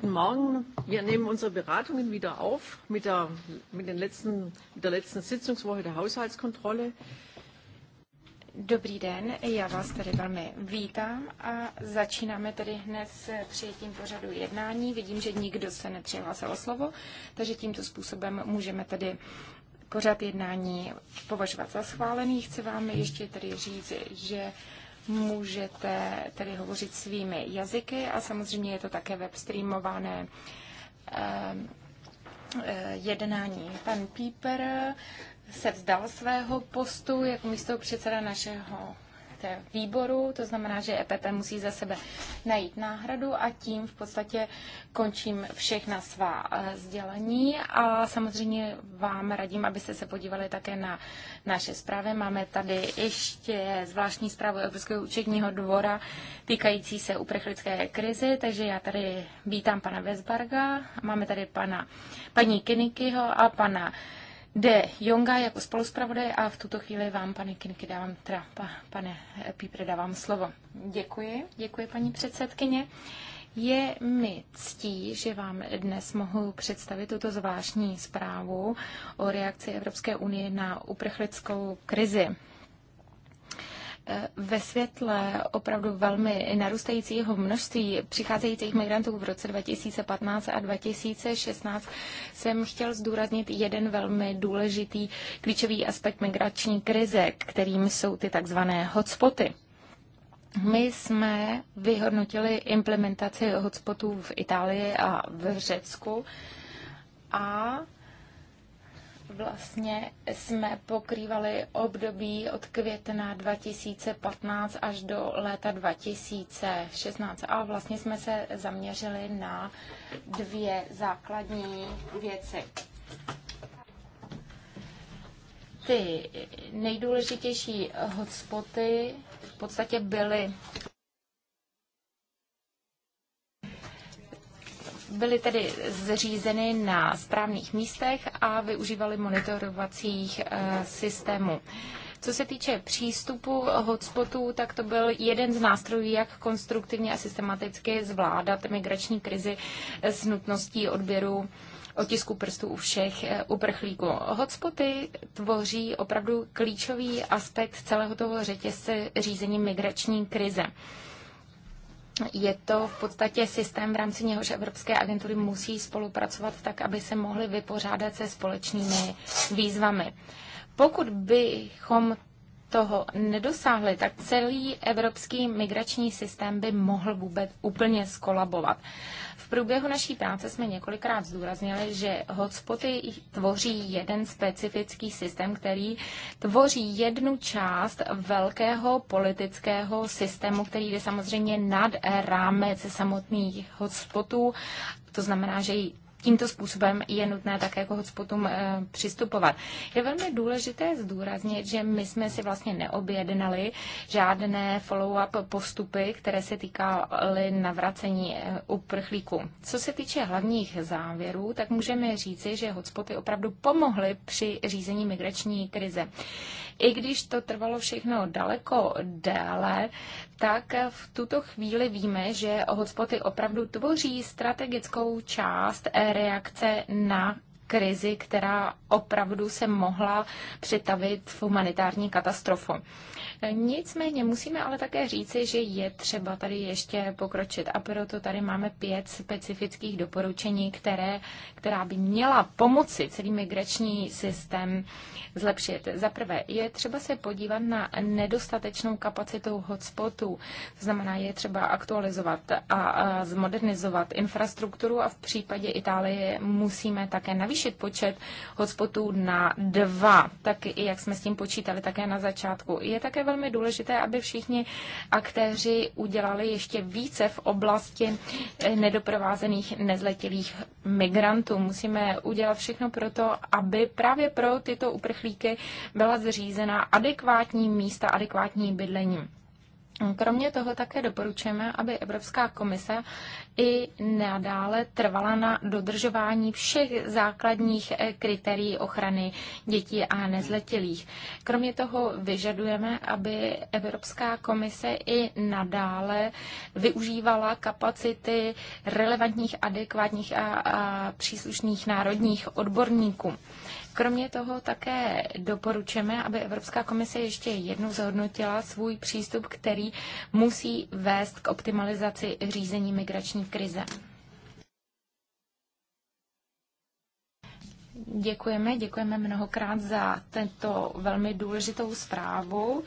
Guten Morgen. Wir nehmen unsere Beratungen wieder auf mit der, mit den letzten, mit der letzten Sitzungswoche der Haushaltskontrolle. Dobrý den, já vás tady velmi vítám a začínáme tedy hned s přijetím pořadu jednání. Vidím, že nikdo se nepřihlásil o slovo, takže tímto způsobem můžeme tedy pořad jednání považovat za schválený. Chci vám ještě tedy říct, že můžete tedy hovořit svými jazyky a samozřejmě je to také webstreamované eh, eh, jednání. Pan Píper se vzdal svého postu jako místo předseda našeho výboru, to znamená, že EPP musí za sebe najít náhradu a tím v podstatě končím všechna svá eh, sdělení a samozřejmě vám radím, abyste se podívali také na naše zprávy. Máme tady ještě zvláštní zprávu Evropského účetního dvora týkající se uprchlické krizi, takže já tady vítám pana Vesbarga, máme tady pana, paní Kinikyho a pana de Jonga jako spoluspravodaje a v tuto chvíli vám, pane Kinky, dávám, teda, pa, pane Pípre, dávám slovo. Děkuji, děkuji paní předsedkyně. Je mi ctí, že vám dnes mohu představit tuto zvláštní zprávu o reakci Evropské unie na uprchlickou krizi ve světle opravdu velmi narůstajícího množství přicházejících migrantů v roce 2015 a 2016 jsem chtěl zdůraznit jeden velmi důležitý klíčový aspekt migrační krize, kterým jsou ty takzvané hotspoty. My jsme vyhodnotili implementaci hotspotů v Itálii a v Řecku a vlastně jsme pokrývali období od května 2015 až do léta 2016 a vlastně jsme se zaměřili na dvě základní věci. Ty nejdůležitější hotspoty v podstatě byly byly tedy zřízeny na správných místech a využívaly monitorovacích eh, systémů. Co se týče přístupu hotspotů, tak to byl jeden z nástrojů, jak konstruktivně a systematicky zvládat migrační krizi eh, s nutností odběru otisku prstů u všech eh, uprchlíků. Hotspoty tvoří opravdu klíčový aspekt celého toho řetězce řízení migrační krize je to v podstatě systém, v rámci něhož evropské agentury musí spolupracovat tak, aby se mohly vypořádat se společnými výzvami. Pokud bychom toho nedosáhli, tak celý evropský migrační systém by mohl vůbec úplně skolabovat průběhu naší práce jsme několikrát zdůraznili, že hotspoty tvoří jeden specifický systém, který tvoří jednu část velkého politického systému, který jde samozřejmě nad rámec samotných hotspotů. To znamená, že tímto způsobem je nutné také k hotspotům eh, přistupovat. Je velmi důležité zdůraznit, že my jsme si vlastně neobjednali žádné follow-up postupy, které se týkaly navracení eh, uprchlíků. Co se týče hlavních závěrů, tak můžeme říci, že hotspoty opravdu pomohly při řízení migrační krize. I když to trvalo všechno daleko déle, tak v tuto chvíli víme, že hotspoty opravdu tvoří strategickou část reakce na krizi, která opravdu se mohla přetavit v humanitární katastrofu. Nicméně musíme ale také říci, že je třeba tady ještě pokročit a proto tady máme pět specifických doporučení, které, která by měla pomoci celý migrační systém zlepšit. Za prvé, je třeba se podívat na nedostatečnou kapacitu hotspotů. To znamená, je třeba aktualizovat a zmodernizovat infrastrukturu a v případě Itálie musíme také navýšit počet hotspotů na dva, tak i jak jsme s tím počítali také na začátku. Je také velmi důležité, aby všichni aktéři udělali ještě více v oblasti eh, nedoprovázených nezletilých migrantů. Musíme udělat všechno pro to, aby právě pro tyto uprchlíky byla zřízena adekvátní místa, adekvátní bydlení. Kromě toho také doporučujeme, aby Evropská komise i nadále trvala na dodržování všech základních eh, kritérií ochrany dětí a nezletilých. Kromě toho vyžadujeme, aby Evropská komise i nadále využívala kapacity relevantních, adekvátních a, a příslušných národních odborníků. Kromě toho také doporučujeme, aby Evropská komise ještě jednou zhodnotila svůj přístup, který musí vést k optimalizaci řízení migrační krize. Děkujeme, děkujeme mnohokrát za tento velmi důležitou zprávu.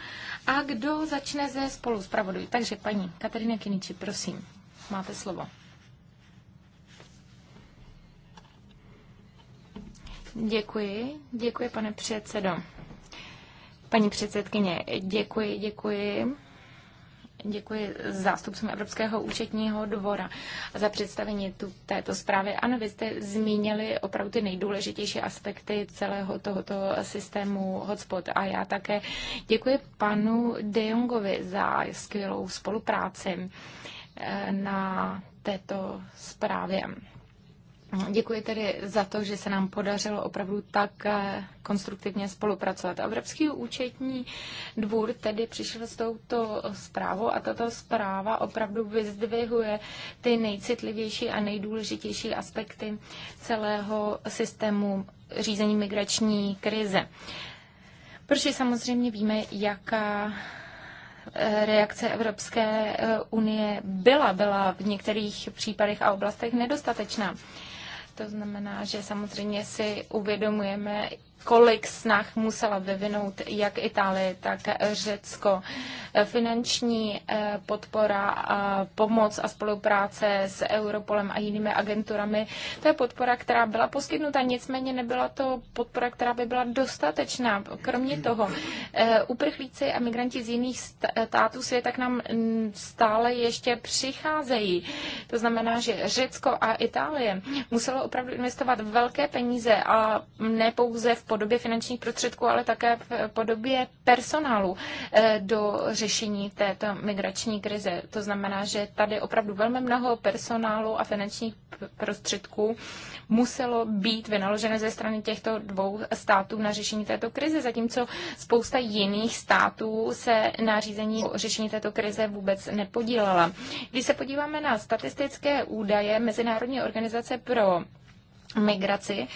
A kdo začne ze spolu zpravodají? Takže paní Katerina Kiniči, prosím, máte slovo. Děkuji, děkuji pane předsedo. Paní předsedkyně, děkuji, děkuji. Děkuji zástupcům Evropského účetního dvora za představení tu, této zprávy. Ano, vy jste zmínili opravdu ty nejdůležitější aspekty celého tohoto systému hotspot. A já také děkuji panu De Jongovi za skvělou spolupráci eh, na této zprávě. Děkuji tedy za to, že se nám podařilo opravdu tak eh, konstruktivně spolupracovat. Evropský účetní dvůr tedy přišel s touto zprávou a tato zpráva opravdu vyzdvihuje ty nejcitlivější a nejdůležitější aspekty celého systému řízení migrační krize. Protože samozřejmě víme, jaká eh, reakce Evropské eh, unie byla, byla v některých případech a oblastech nedostatečná. To znamená, že samozřejmě si uvědomujeme, kolik snah musela vyvinout jak Itálie, tak Řecko. Finanční eh, podpora, a pomoc a spolupráce s Europolem a jinými agenturami, to je podpora, která byla poskytnuta, nicméně nebyla to podpora, která by byla dostatečná. Kromě toho, eh, uprchlíci a migranti z jiných států světa k nám stále ještě přicházejí. To znamená, že Řecko a Itálie muselo opravdu investovat velké peníze a ne pouze v podobě finančních prostředků, ale také v podobě personálu eh, do řešení této migrační krize. To znamená, že tady opravdu velmi mnoho personálu a finančních prostředků muselo být vynaložené ze strany těchto dvou států na řešení této krize, zatímco spousta jiných států se na řízení řešení této krize vůbec nepodílela. Když se podíváme na statistické údaje Mezinárodní organizace pro migraci,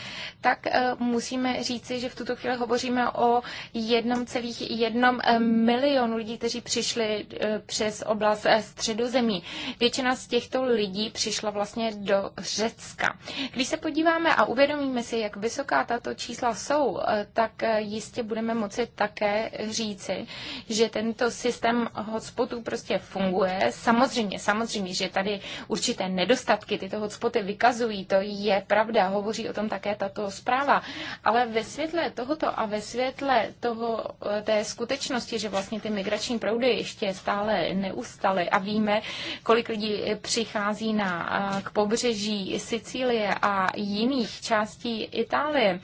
tak eh, musíme říci, že v tuto chvíli hovoříme o 1,1 eh, milionu lidí, kteří přišli eh, přes oblast středozemí. Většina z těchto lidí přišla vlastně do Řecka. Když se podíváme a uvědomíme si, jak vysoká tato čísla jsou, tak jistě budeme moci také říci, že tento systém hotspotů prostě funguje. Samozřejmě, samozřejmě, že tady určité nedostatky tyto hotspoty vykazují, to je pravda, hovoří o tom také tato zpráva. Ale ve světle tohoto a ve světle toho, eh, té skutečnosti, že vlastně ty migrační proudy ještě stále neustaly a víme, kolik lidí eh, přichází na, eh, k pobřeží Sicílie a jiných částí Itálie,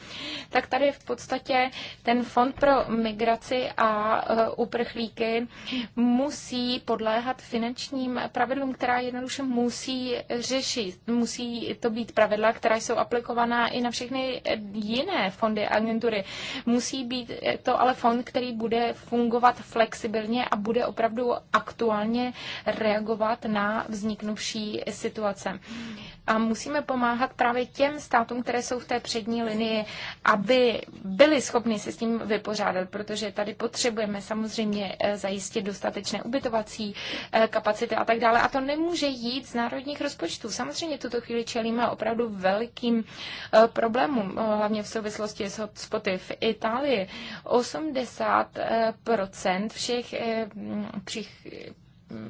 tak tady v podstatě ten fond pro migraci a uprchlíky musí podléhat finančním pravidlům, která jednoduše musí řešit. Musí to být pravidla, která jsou aplikovaná aplikovaná i na všechny jiné fondy agentury. Musí být to ale fond, který bude fungovat flexibilně a bude opravdu aktuálně reagovat na vzniknuvší situace. A musíme pomáhat právě těm státům, které jsou v té přední linii, aby byli schopni se s tím vypořádat, protože tady potřebujeme samozřejmě eh, zajistit dostatečné ubytovací eh, kapacity a tak dále. A to nemůže jít z národních rozpočtů. Samozřejmě tuto chvíli čelíme opravdu velkým Eh, problémům, eh, hlavně v souvislosti s hotspoty. V Itálii 80% eh, všech, mm, všech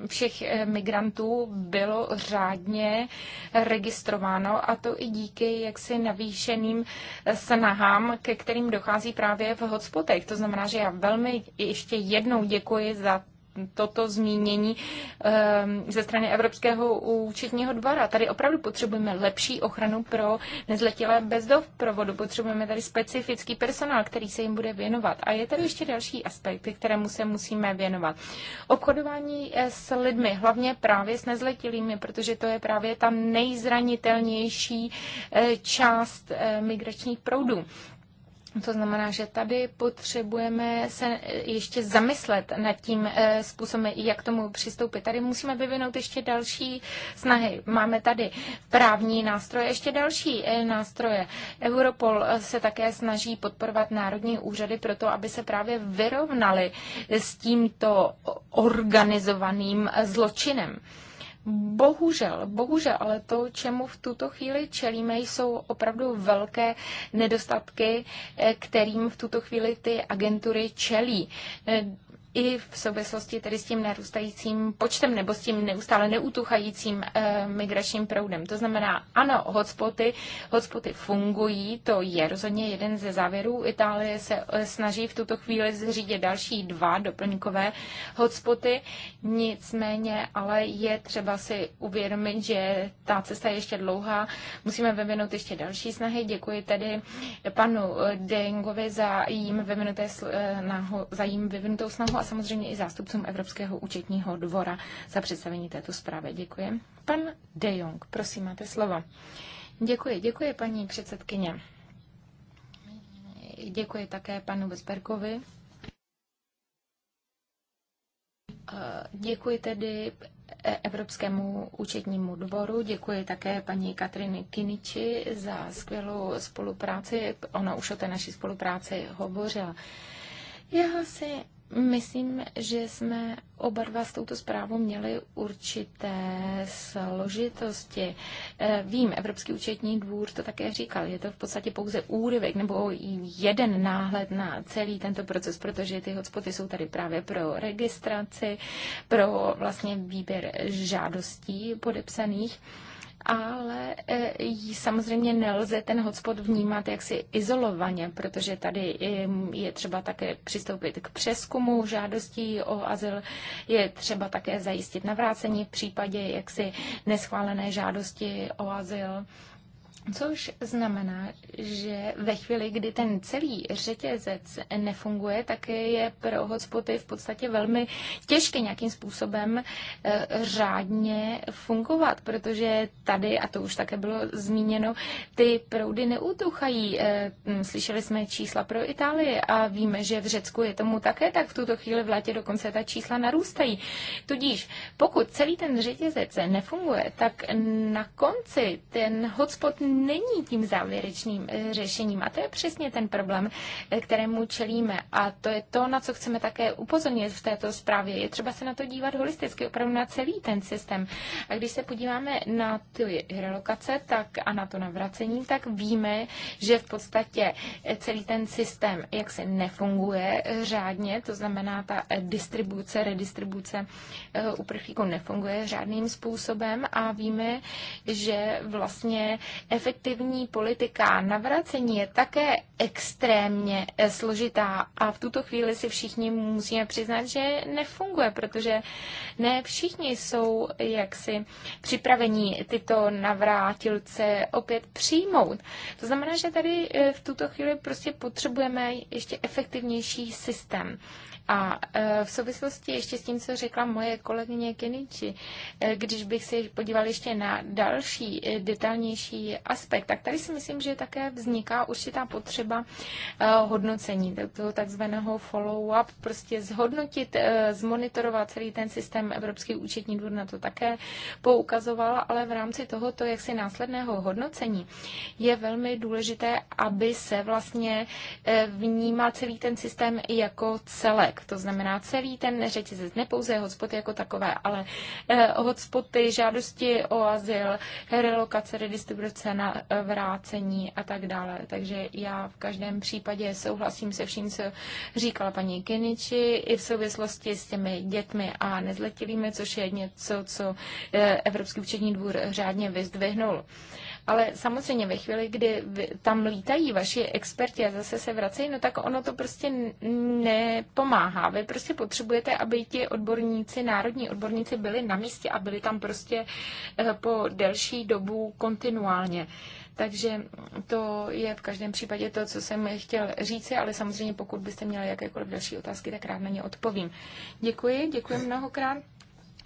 všech migrantů bylo řádně registrováno a to i díky jaksi navýšeným snahám, ke kterým dochází právě v hotspotech. To znamená, že já velmi ještě jednou děkuji za toto zmínění ehm, ze strany Evropského účetního dvora. Tady opravdu potřebujeme lepší ochranu pro nezletilé bez provodu. Potřebujeme tady specifický personál, který se jim bude věnovat. A je tady ještě další aspekt, kterému se musíme věnovat. Obchodování eh, s lidmi, hlavně právě s nezletilými, protože to je právě ta nejzranitelnější eh, část eh, migračních proudů. To znamená, že tady potřebujeme se ještě zamyslet nad tím eh, způsobem, jak tomu přistoupit. Tady musíme vyvinout ještě další snahy. Máme tady právní nástroje, ještě další eh, nástroje. Europol eh, se také snaží podporovat národní úřady pro to, aby se právě vyrovnali s tímto organizovaným zločinem. Bohužel, bohužel, ale to, čemu v tuto chvíli čelíme, jsou opravdu velké nedostatky, eh, kterým v tuto chvíli ty agentury čelí. Eh, i v souvislosti tedy s tím narůstajícím počtem nebo s tím neustále neutuchajícím e, migračním proudem. To znamená, ano, hotspoty, hotspoty fungují, to je rozhodně jeden ze závěrů. Itálie se eh, snaží v tuto chvíli zřídit další dva doplňkové hotspoty, nicméně ale je třeba si uvědomit, že ta cesta je ještě dlouhá, musíme vyvinout ještě další snahy. Děkuji tedy panu eh, Dengovi za jím vyvinuté, za jím vyvinutou snahu samozřejmě i zástupcům Evropského účetního dvora za představení této zprávy. Děkuji. Pan De Jong, prosím, máte slovo. Děkuji, děkuji paní předsedkyně. Děkuji také panu Vesperkovi. Eh, děkuji tedy Evropskému účetnímu dvoru. Děkuji také paní Katriny Kiniči za skvělou spolupráci. Ona už o té naší spolupráci hovořila. Já si Myslím, že jsme oba dva s touto zprávou měli určité složitosti. Eh, vím, Evropský účetní dvůr to také říkal, je to v podstatě pouze úryvek nebo jeden náhled na celý tento proces, protože ty hotspoty jsou tady právě pro registraci, pro vlastně výběr žádostí podepsaných ale e, samozřejmě nelze ten hotspot vnímat jaksi izolovaně, protože tady e, je třeba také přistoupit k přeskumu žádostí o azyl, je třeba také zajistit navrácení v případě jaksi neschválené žádosti o azyl. Což znamená, že ve chvíli, kdy ten celý řetězec nefunguje, tak je pro hotspoty v podstatě velmi těžké nějakým způsobem eh, řádně fungovat, protože tady, a to už také bylo zmíněno, ty proudy neutuchají. Eh, hm, slyšeli jsme čísla pro Itálii a víme, že v Řecku je tomu také, tak v tuto chvíli v létě dokonce ta čísla narůstají. Tudíž, pokud celý ten řetězec nefunguje, tak na konci ten hotspot není tím závěrečným eh, řešením. A to je přesně ten problém, eh, kterému čelíme. A to je to, na co chceme také upozornit v této zprávě. Je třeba se na to dívat holisticky, opravdu na celý ten systém. A když se podíváme na ty relokace tak, a na to navracení, tak víme, že v podstatě eh, celý ten systém jak se nefunguje řádně, to znamená ta distribuce, redistribuce uprchlíků nefunguje řádným způsobem a víme, že vlastně efektivní politika navracení je také extrémně eh, složitá a v tuto chvíli si všichni musíme přiznat, že nefunguje, protože ne všichni jsou jaksi připraveni tyto navrátilce opět přijmout. To znamená, že tady eh, v tuto chvíli prostě potřebujeme ještě efektivnější systém. A e, v souvislosti ještě s tím, co řekla moje kolegyně Kenichi, e, když bych se podíval ještě na další e, detailnější aspekt, tak tady si myslím, že také vzniká určitá potřeba hodnocení, toho takzvaného follow-up, prostě zhodnotit, zmonitorovat celý ten systém Evropský účetní dvůr na to také poukazovala, ale v rámci tohoto jaksi následného hodnocení je velmi důležité, aby se vlastně vnímal celý ten systém jako celek celek. To znamená celý ten řetězec, ne pouze hotspoty jako takové, ale eh, hotspoty, žádosti o azyl, relokace, redistribuce na eh, vrácení a tak dále. Takže já v každém případě souhlasím se vším, co říkala paní Kiniči, i v souvislosti s těmi dětmi a nezletilými, což je něco, co eh, Evropský účetní dvůr řádně vyzdvihnul. Ale samozřejmě ve chvíli, kdy tam lítají vaši experti a zase se vracejí, no tak ono to prostě nepomáhá. Vy prostě potřebujete, aby ti odborníci, národní odborníci byli na místě a byli tam prostě eh, po delší dobu kontinuálně. Takže to je v každém případě to, co jsem chtěl říci, ale samozřejmě pokud byste měli jakékoliv další otázky, tak rád na ně odpovím. Děkuji, děkuji mnohokrát.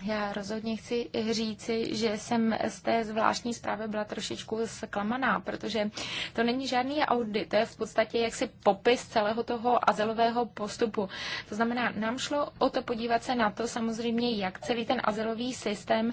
Já rozhodně chci říci, že jsem z té zvláštní zprávy byla trošičku zklamaná, protože to není žádný audit, to je v podstatě jaksi popis celého toho azylového postupu. To znamená, nám šlo o to podívat se na to samozřejmě, jak celý ten azylový systém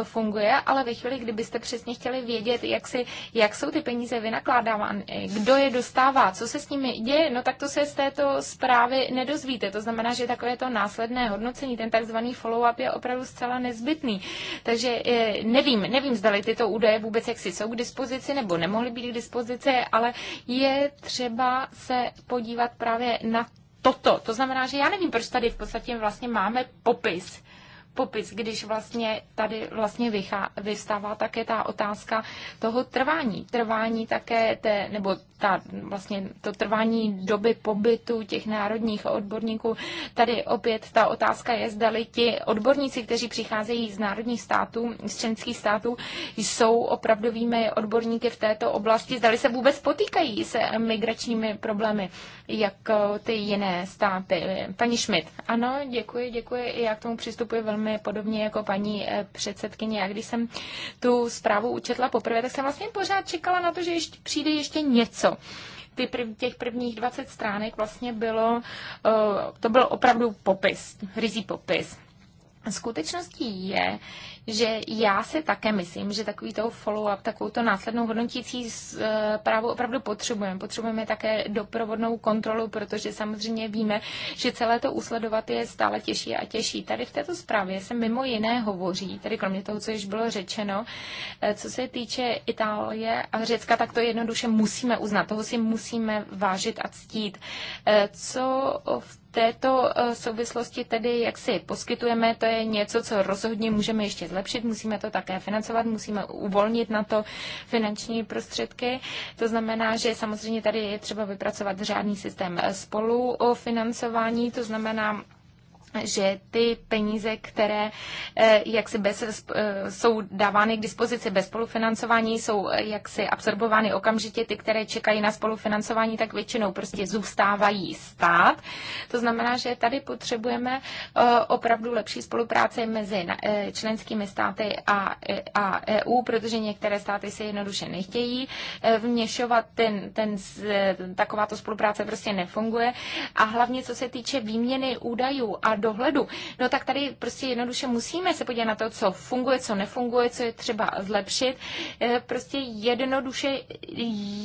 e, funguje, ale ve chvíli, kdybyste přesně chtěli vědět, jak, si, jak jsou ty peníze vynakládávány, kdo je dostává, co se s nimi děje, no tak to se z této zprávy nedozvíte. To znamená, že takové to následné hodnocení, ten takzvaný follow-up je opravdu zcela nezbytný. Takže eh, nevím, nevím, zdali tyto údaje vůbec jaksi jsou k dispozici nebo nemohly být k dispozici, ale je třeba se podívat právě na toto. To znamená, že já nevím, proč tady v podstatě vlastně máme popis popis, když vlastně tady vlastně vychá, vystává také ta otázka toho trvání. Trvání také té, nebo ta, vlastně to trvání doby pobytu těch národních odborníků. Tady opět ta otázka je, zdali ti odborníci, kteří přicházejí z národních států, z členských států, jsou opravdovými odborníky v této oblasti, zdali se vůbec potýkají se migračními problémy, jak ty jiné státy. Paní Schmidt, ano, děkuji, děkuji, já k tomu přistupuji velmi velmi podobně jako paní eh, předsedkyně. Já když jsem tu zprávu učetla poprvé, tak jsem vlastně pořád čekala na to, že ještě, přijde ještě něco ty prv, těch prvních 20 stránek vlastně bylo, eh, to byl opravdu popis, hryzí popis. Skutečností je, že já si také myslím, že takový to follow-up, takovou to následnou hodnotící eh, právo opravdu potřebujeme. Potřebujeme také doprovodnou kontrolu, protože samozřejmě víme, že celé to usledovat je stále těžší a těžší. Tady v této zprávě se mimo jiné hovoří, tady kromě toho, co již bylo řečeno, eh, co se týče Itálie a Řecka, tak to jednoduše musíme uznat, toho si musíme vážit a ctít. Eh, co v této souvislosti tedy, jak si poskytujeme, to je něco, co rozhodně můžeme ještě zlepšit, musíme to také financovat, musíme uvolnit na to finanční prostředky. To znamená, že samozřejmě tady je třeba vypracovat řádný systém spolufinancování, to znamená, že ty peníze, které eh, jaksi bez, eh, jsou dávány k dispozici bez spolufinancování, jsou eh, jaksi absorbovány okamžitě, ty, které čekají na spolufinancování, tak většinou prostě zůstávají stát. To znamená, že tady potřebujeme opravdu lepší spolupráci mezi členskými státy a, a EU, protože některé státy se jednoduše nechtějí vměšovat, ten, ten, takováto spolupráce prostě nefunguje. A hlavně, co se týče výměny údajů a dohledu. No tak tady prostě jednoduše musíme se podívat na to, co funguje, co nefunguje, co je třeba zlepšit. E, prostě jednoduše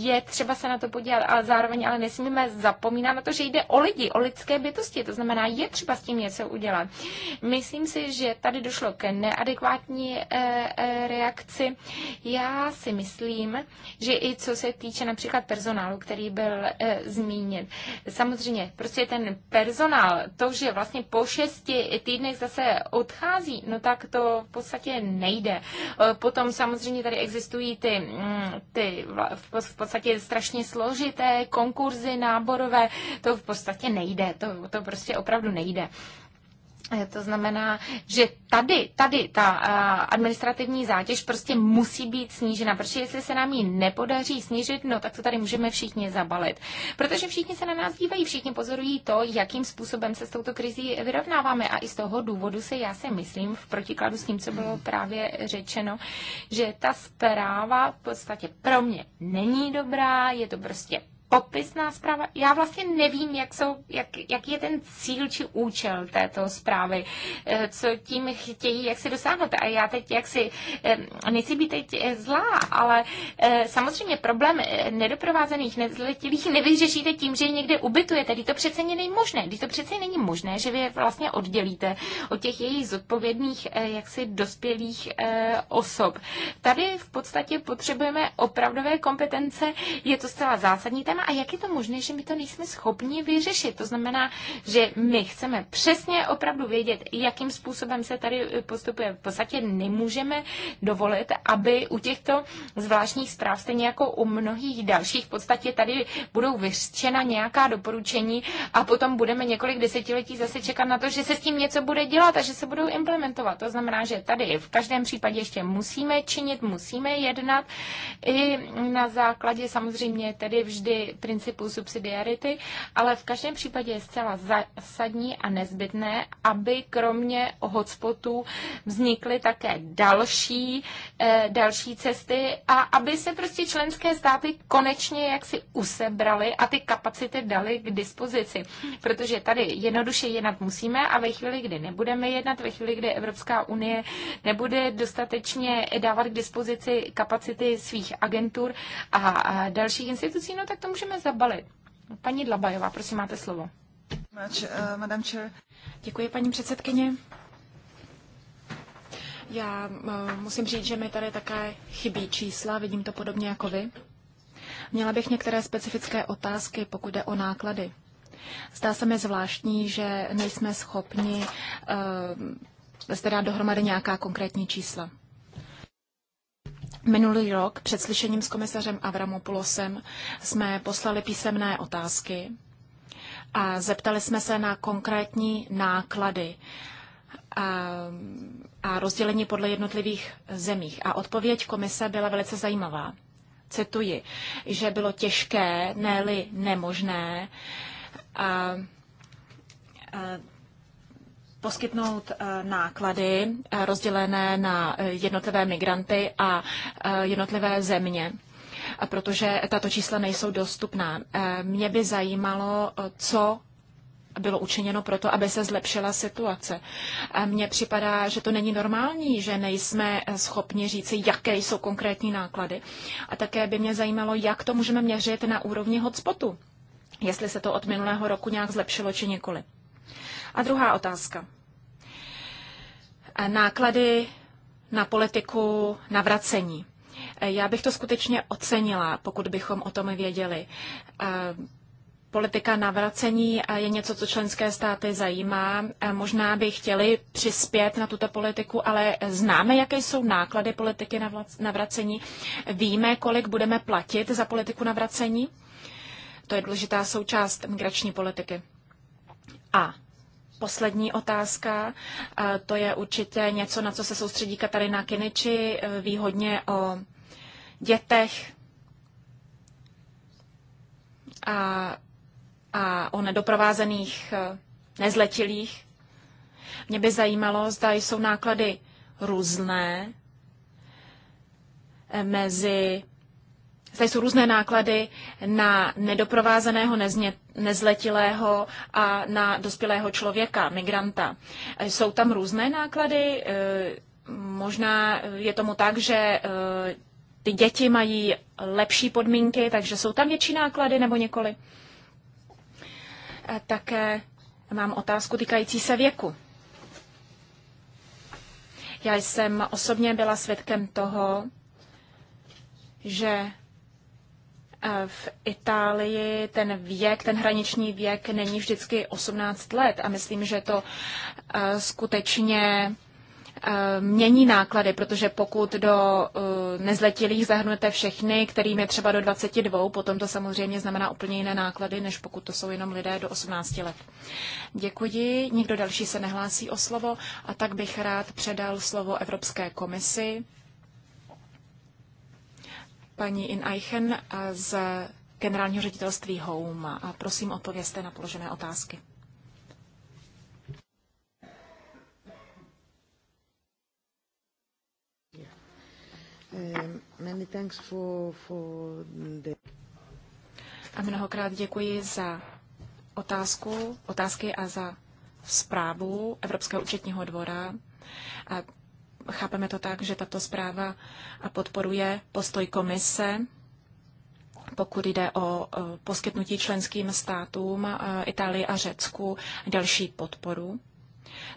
je třeba se na to podívat, ale zároveň ale nesmíme zapomínat na to, že jde o lidi, o lidské bytosti. To znamená, je třeba s tím něco udělat. Myslím si, že tady došlo k neadekvátní e, e, reakci. Já si myslím, že i co se týče například personálu, který byl zmíněn. Samozřejmě, prostě ten personál, to, že vlastně po šesti týdnech zase odchází, no tak to v podstatě nejde. E, potom samozřejmě tady existují ty, mm, ty v podstatě strašně složité konkurzy náborové, to v podstatě nejde, to, to prostě opravdu nejde. Eh, to znamená, že tady, tady ta eh, administrativní zátěž prostě musí být snížena, protože jestli se nám ji nepodaří snížit, no tak to tady můžeme všichni zabalit. Protože všichni se na nás dívají, všichni pozorují to, jakým způsobem se s touto krizí vyrovnáváme. A i z toho důvodu se já si myslím, v protikladu s tím, co bylo právě řečeno, že ta zpráva v podstatě pro mě není dobrá, je to prostě opisná zpráva. Já vlastně nevím, jak jsou, jak, jaký je ten cíl či účel této zprávy, eh, co tím chtějí, jak si dosáhnout. A já teď jak si, eh, nechci být teď eh, zlá, ale samozřejmě problém nedoprovázených nezletilých nevyřešíte tím, že je někde ubytujete. Když to přece není možné. Když to přece není možné, že vy je vlastně oddělíte od těch jejich zodpovědných, jaksi dospělých osob. Tady v podstatě potřebujeme opravdové kompetence. Je to zcela zásadní téma problémem a jak je to možné, že my to nejsme schopni vyřešit. To znamená, že my chceme přesně opravdu vědět, jakým způsobem se tady postupuje. V podstatě nemůžeme dovolit, aby u těchto zvláštních zpráv, stejně jako u mnohých dalších, v podstatě tady budou vyřčena nějaká doporučení a potom budeme několik desetiletí zase čekat na to, že se s tím něco bude dělat a že se budou implementovat. To znamená, že tady v každém případě ještě musíme činit, musíme jednat i na základě samozřejmě tedy vždy principu subsidiarity, ale v každém případě je zcela zásadní a nezbytné, aby kromě hotspotů vznikly také další, eh, další cesty a aby se prostě členské státy konečně jaksi usebrali a ty kapacity dali k dispozici. Protože tady jednoduše jednat musíme a ve chvíli, kdy nebudeme jednat, ve chvíli, kdy Evropská unie nebude dostatečně dávat k dispozici kapacity svých agentur a dalších institucí, no tak to může můžeme zabalit. Paní Dlabajová, prosím, máte slovo. Uh, Děkuji, paní předsedkyně. Já uh, musím říct, že mi tady také chybí čísla, vidím to podobně jako vy. Měla bych některé specifické otázky, pokud jde o náklady. Zdá se mi zvláštní, že nejsme schopni uh, zde dát dohromady nějaká konkrétní čísla. Minulý rok před slyšením s komisařem Avramopoulosem jsme poslali písemné otázky a zeptali jsme se na konkrétní náklady a, a rozdělení podle jednotlivých zemích. A odpověď komise byla velice zajímavá. Cituji, že bylo těžké, ne-li nemožné, a, a poskytnout eh, náklady eh, rozdělené na eh, jednotlivé migranty a jednotlivé země, protože tato čísla nejsou dostupná. Mě by zajímalo, co bylo učiněno proto, aby se zlepšila situace. Mně připadá, že to není normální, že nejsme schopni říci, jaké jsou konkrétní náklady. A také by mě zajímalo, jak to můžeme měřit na úrovni hotspotu, jestli se to od minulého roku nějak zlepšilo či nikoli. A druhá otázka. Náklady na politiku navracení. Já bych to skutečně ocenila, pokud bychom o tom věděli. Eh, politika navracení eh, je něco, co členské státy zajímá. Eh, možná by chtěli přispět na tuto politiku, ale známe, jaké jsou náklady politiky navracení. Víme, kolik budeme platit za politiku navracení. To je důležitá součást migrační politiky. A poslední otázka, to je určitě něco, na co se soustředí Katarina Kiniči, e, výhodně o dětech a, a o nedoprovázených e, nezletilých. Mě by zajímalo, zda jsou náklady různé e, mezi zde jsou různé náklady na nedoprovázeného nezletilého a na dospělého člověka, migranta. Jsou tam různé náklady? Eh, možná je tomu tak, že eh, ty děti mají lepší podmínky, takže jsou tam větší náklady nebo několik? Také mám otázku týkající se věku. Já jsem osobně byla svědkem toho, že v Itálii ten věk, ten hraniční věk není vždycky 18 let a myslím, že to eh, skutečně eh, mění náklady, protože pokud do eh, nezletilých zahrnete všechny, kterým je třeba do 22, potom to samozřejmě znamená úplně jiné náklady, než pokud to jsou jenom lidé do 18 let. Děkuji, nikdo další se nehlásí o slovo a tak bych rád předal slovo Evropské komisi paní In Eichen eh, z generálního ředitelství Home. A prosím, odpovězte na položené otázky. Eh, many thanks for, for the... A mnohokrát děkuji za otázku, otázky a za zprávu Evropského účetního dvora. Eh, chápeme to tak, že tato zpráva podporuje postoj komise, pokud jde o poskytnutí členským státům e, Itálii a Řecku další podporu,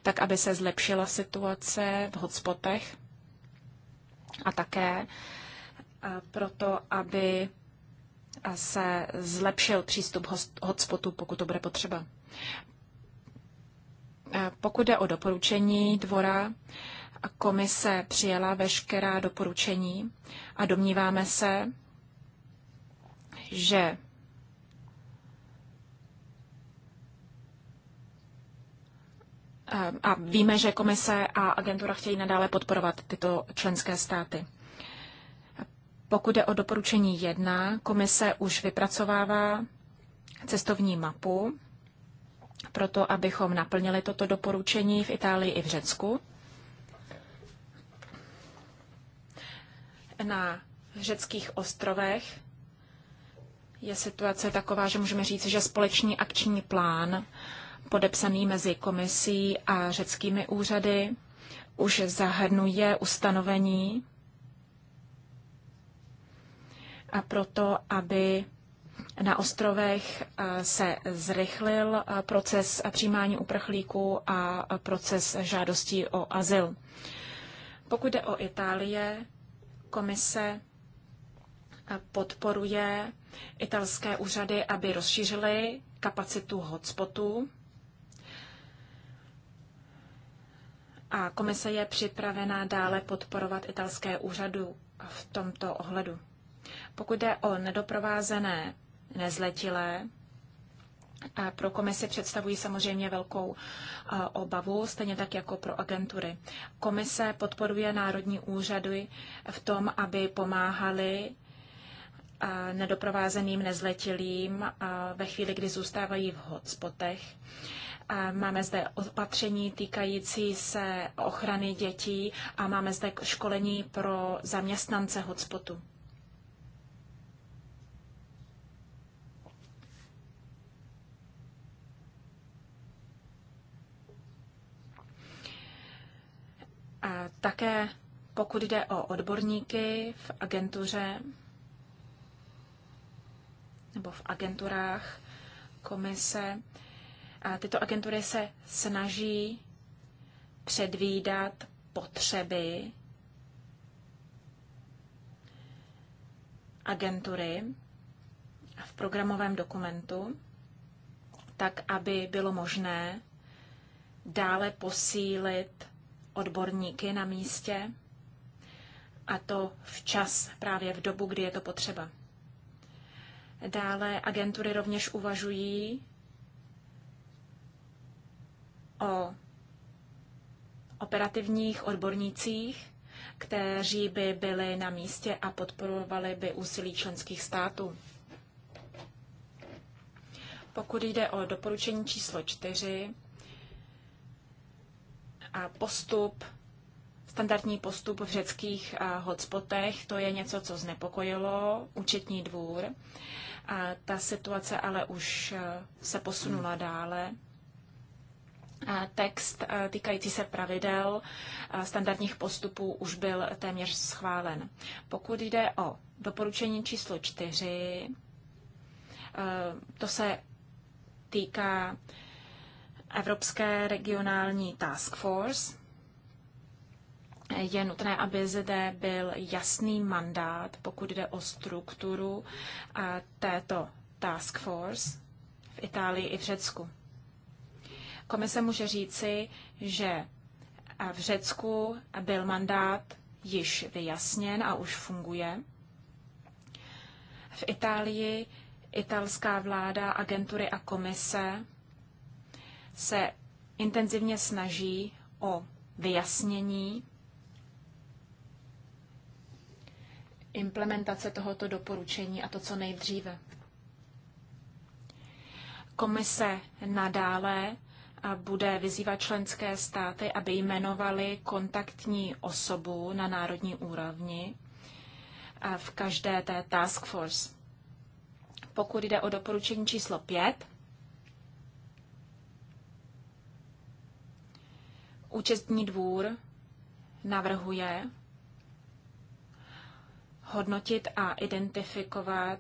tak aby se zlepšila situace v hotspotech a také e, proto, aby se zlepšil přístup hotspotu, pokud to bude potřeba. E, pokud jde o doporučení dvora, komise přijala veškerá doporučení a domníváme se, že a víme, že komise a agentura chtějí nadále podporovat tyto členské státy. Pokud je o doporučení jedna, komise už vypracovává cestovní mapu proto, abychom naplnili toto doporučení v Itálii i v Řecku. na řeckých ostrovech je situace taková, že můžeme říct, že společný akční plán podepsaný mezi komisí a řeckými úřady už zahrnuje ustanovení a proto, aby na ostrovech eh, se zrychlil eh, proces přijímání uprchlíků a eh, proces žádostí o azyl. Pokud jde o Itálie, Komise eh, podporuje italské úřady, aby rozšířily kapacitu hotspotů. A komise je připravená dále podporovat italské úřadu v tomto ohledu. Pokud jde o nedoprovázené nezletilé, pro komisi představují samozřejmě velkou eh, obavu, stejně tak jako pro agentury. Komise podporuje národní úřady v tom, aby pomáhali eh, nedoprovázeným nezletilým eh, ve chvíli, kdy zůstávají v hotspotech. Máme zde opatření týkající se ochrany dětí a máme zde školení pro zaměstnance hotspotu. Také pokud jde o odborníky v agentuře nebo v agenturách komise, tyto agentury se snaží předvídat potřeby agentury v programovém dokumentu, tak aby bylo možné dále posílit odborníky na místě a to včas, právě v dobu, kdy je to potřeba. Dále agentury rovněž uvažují o operativních odbornících, kteří by byli na místě a podporovali by úsilí členských států. Pokud jde o doporučení číslo čtyři postup, standardní postup v řeckých eh, hotspotech, to je něco, co znepokojilo účetní dvůr. A ta situace ale už eh, se posunula dále. A text eh, týkající se pravidel standardních postupů už byl téměř schválen. Pokud jde o doporučení číslo čtyři to se týká Evropské regionální task force. Je nutné, aby zde byl jasný mandát, pokud jde o strukturu této task force v Itálii i v Řecku. Komise může říci, že v Řecku byl mandát již vyjasněn a už funguje. V Itálii italská vláda, agentury a komise se intenzivně snaží o vyjasnění implementace tohoto doporučení a to co nejdříve. Komise nadále bude vyzývat členské státy, aby jmenovali kontaktní osobu na národní úrovni v každé té task force. Pokud jde o doporučení číslo 5, Účestní dvůr navrhuje hodnotit a identifikovat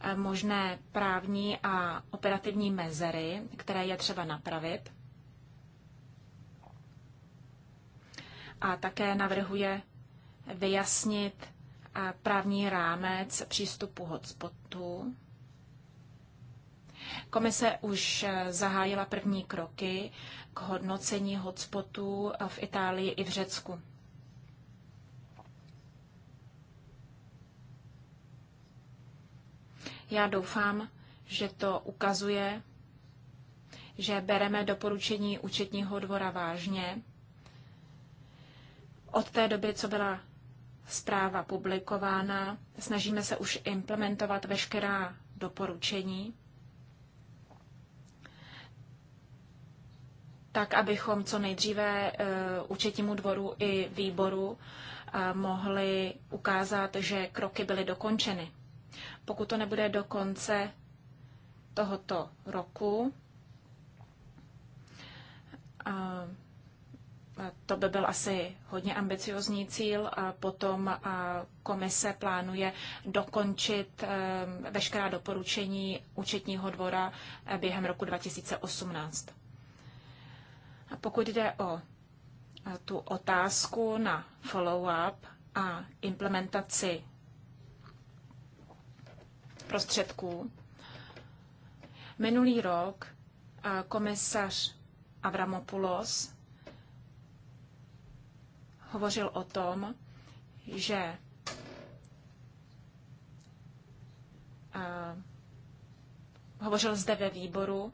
eh, možné právní a operativní mezery, které je třeba napravit. A také navrhuje vyjasnit eh, právní rámec přístupu hotspotu Komise už eh, zahájila první kroky k hodnocení hotspotů eh, v Itálii i v Řecku. Já doufám, že to ukazuje, že bereme doporučení účetního dvora vážně. Od té doby, co byla zpráva publikována, snažíme se už implementovat veškerá doporučení tak abychom co nejdříve eh, účetnímu dvoru i výboru eh, mohli ukázat, že kroky byly dokončeny. Pokud to nebude do konce tohoto roku, eh, to by byl asi hodně ambiciozní cíl. A potom komise plánuje dokončit veškerá doporučení účetního dvora během roku 2018. Pokud jde o tu otázku na follow-up a implementaci prostředků, minulý rok komisař Avramopoulos hovořil o tom, že hovořil zde ve výboru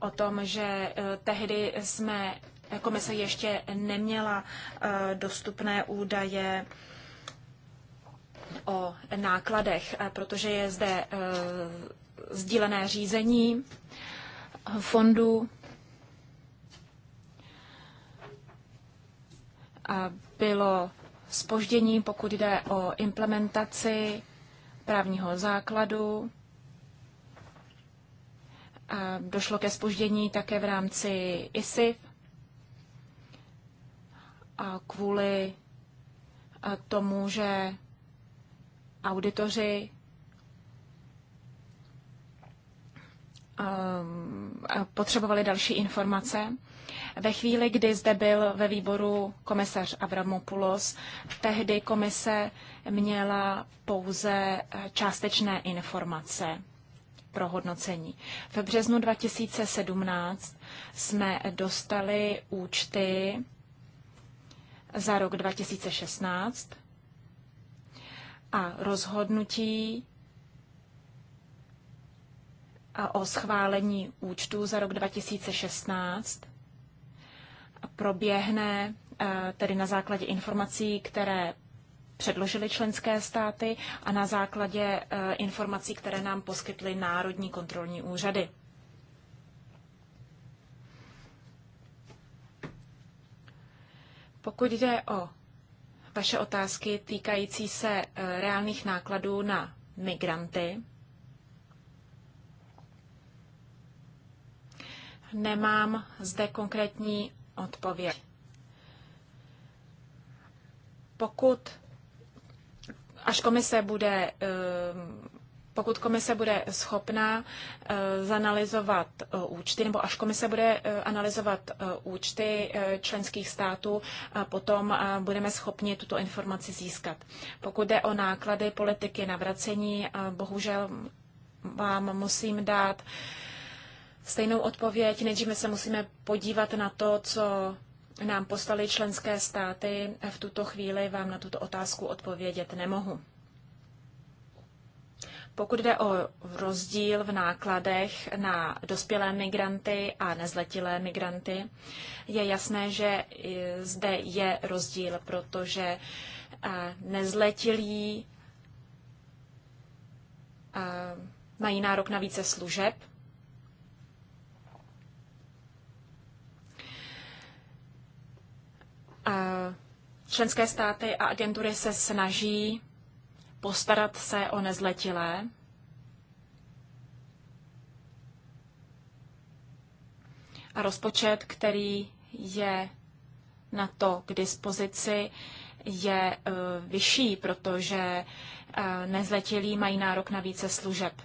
o tom, že eh, tehdy jsme komise ještě neměla eh, dostupné údaje o nákladech, eh, protože je zde sdílené řízení fondu. Bylo spoždění, pokud jde o implementaci právního základu Došlo ke spoždění také v rámci ISIF a kvůli tomu, že auditoři potřebovali další informace. Ve chvíli, kdy zde byl ve výboru komisař Avramopoulos, tehdy komise měla pouze částečné informace pro hodnocení. V březnu 2017 jsme dostali účty za rok 2016 a rozhodnutí o schválení účtu za rok 2016 proběhne eh, tedy na základě informací, které předložily členské státy a na základě eh, informací, které nám poskytly národní kontrolní úřady. Pokud jde o vaše otázky týkající se eh, reálných nákladů na migranty, nemám zde konkrétní odpověď. Pokud až komise bude, ehm, pokud komise bude schopná eh, zanalizovat eh, účty, nebo až komise bude eh, analyzovat účty členských států, potom budeme schopni tuto informaci získat. Pokud jde o náklady politiky navracení, bohužel vám musím dát stejnou odpověď. Nejdříve se musíme podívat na to, co nám poslali členské státy, eh, v tuto chvíli vám na tuto otázku odpovědět nemohu. Pokud jde o rozdíl v nákladech na dospělé migranty a nezletilé migranty, je jasné, že eh, zde je rozdíl, protože eh, nezletilí mají nárok na více služeb Členské státy a agentury se snaží postarat se o nezletilé. A rozpočet, který je na to k dispozici, je e, vyšší, protože e, nezletilí mají nárok na více služeb.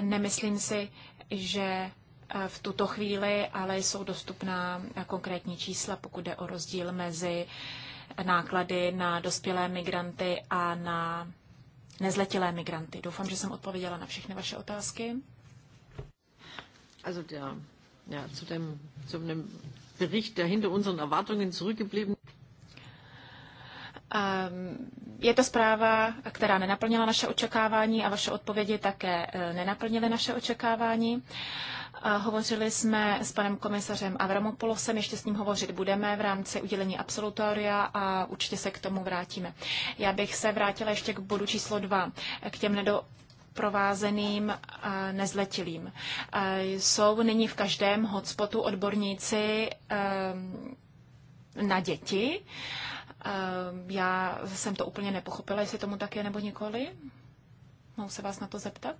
Nemyslím si, že eh, v tuto chvíli ale jsou dostupná eh, konkrétní čísla, pokud jde o rozdíl mezi náklady na dospělé migranty a na nezletilé migranty. Doufám, že jsem odpověděla na všechny vaše otázky. Also der, ja, zu dem, zu dem Bericht, der hinter unseren Erwartungen zurückgeblieben ehm, je to zpráva, která nenaplnila naše očekávání a vaše odpovědi také e, nenaplnily naše očekávání. Hovořili jsme s panem komisařem Avramopoulosem, ještě s ním hovořit budeme v rámci udělení absolutoria a určitě se k tomu vrátíme. Já bych se vrátila ještě k bodu číslo dva, e, k těm nedo, provázeným nezletilým. E, jsou nyní v každém hotspotu odborníci na děti Ehm, já jsem to úplně nepochopila, jestli tomu tak je nebo nikoli. Mohu se vás na to zeptat?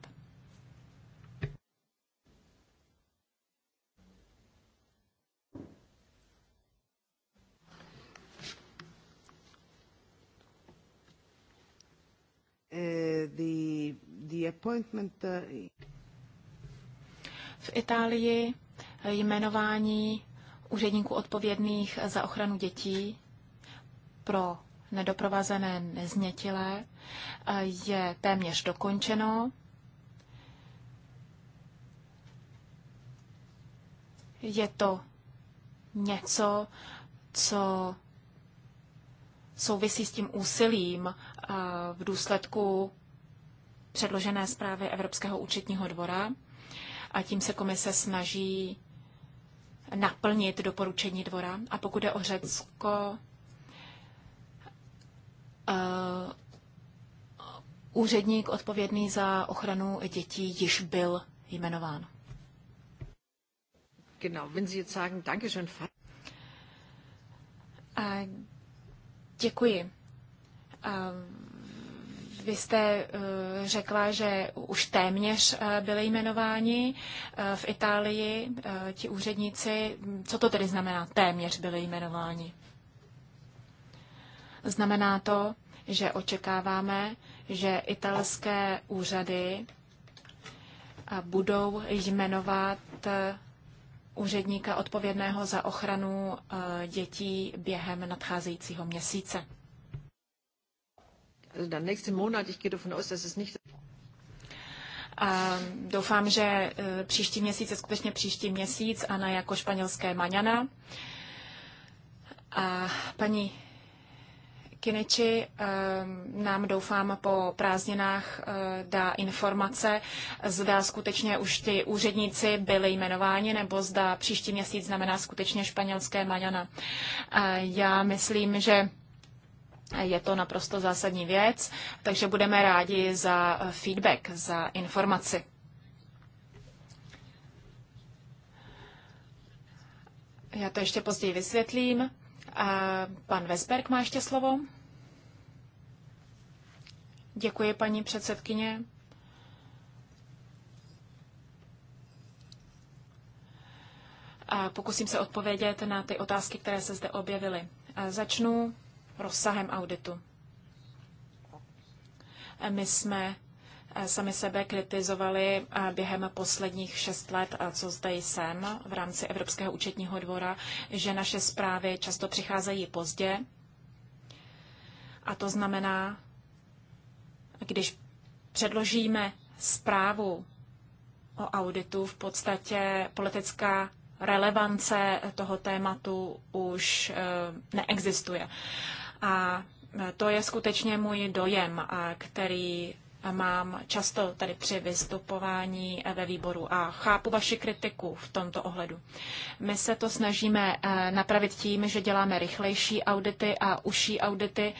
Eh, the, the appointment... Eh, v Itálii jmenování úředníků odpovědných za ochranu dětí pro nedoprovázené neznětilé eh, je téměř dokončeno. Je to něco, co souvisí s tím úsilím eh, v důsledku předložené zprávy Evropského účetního dvora a tím se komise snaží naplnit doporučení dvora. A pokud je o Řecko, Eh, úředník odpovědný za ochranu dětí již byl jmenován. Genau, wenn Sie jetzt sagen, Dankeschön. A eh, děkuji. A eh, vy jste řekla, že už téměř byli jmenováni v Itálii ti úředníci. Co to tedy znamená téměř byli jmenováni? Znamená to, že očekáváme, že italské úřady budou jmenovat e, úředníka odpovědného za ochranu e, dětí během nadcházejícího měsíce. A doufám, že e, příští měsíc je skutečně příští měsíc a na jako španělské maňana. A paní Kiniči ehm, nám doufám po prázdninách eh, dá informace, zda skutečně už ty úředníci byli jmenováni, nebo zda příští měsíc znamená skutečně španělské Maňana. Eh, já myslím, že je to naprosto zásadní věc, takže budeme rádi za eh, feedback, za informaci. Já to ještě později vysvětlím. A pan Vesberg má ještě slovo. Děkuji, paní předsedkyně. pokusím se odpovědět na ty otázky, které se zde objevily. Začnu rozsahem auditu. My jsme sami sebe kritizovali během posledních šest let, co zde jsem v rámci Evropského účetního dvora, že naše zprávy často přicházejí pozdě. A to znamená, když předložíme zprávu o auditu, v podstatě politická relevance toho tématu už eh, neexistuje. A eh, to je skutečně můj dojem, který mám často tady při vystupování eh, ve výboru a chápu vaši kritiku v tomto ohledu. My se to snažíme napravit tím, že děláme rychlejší audity a užší audity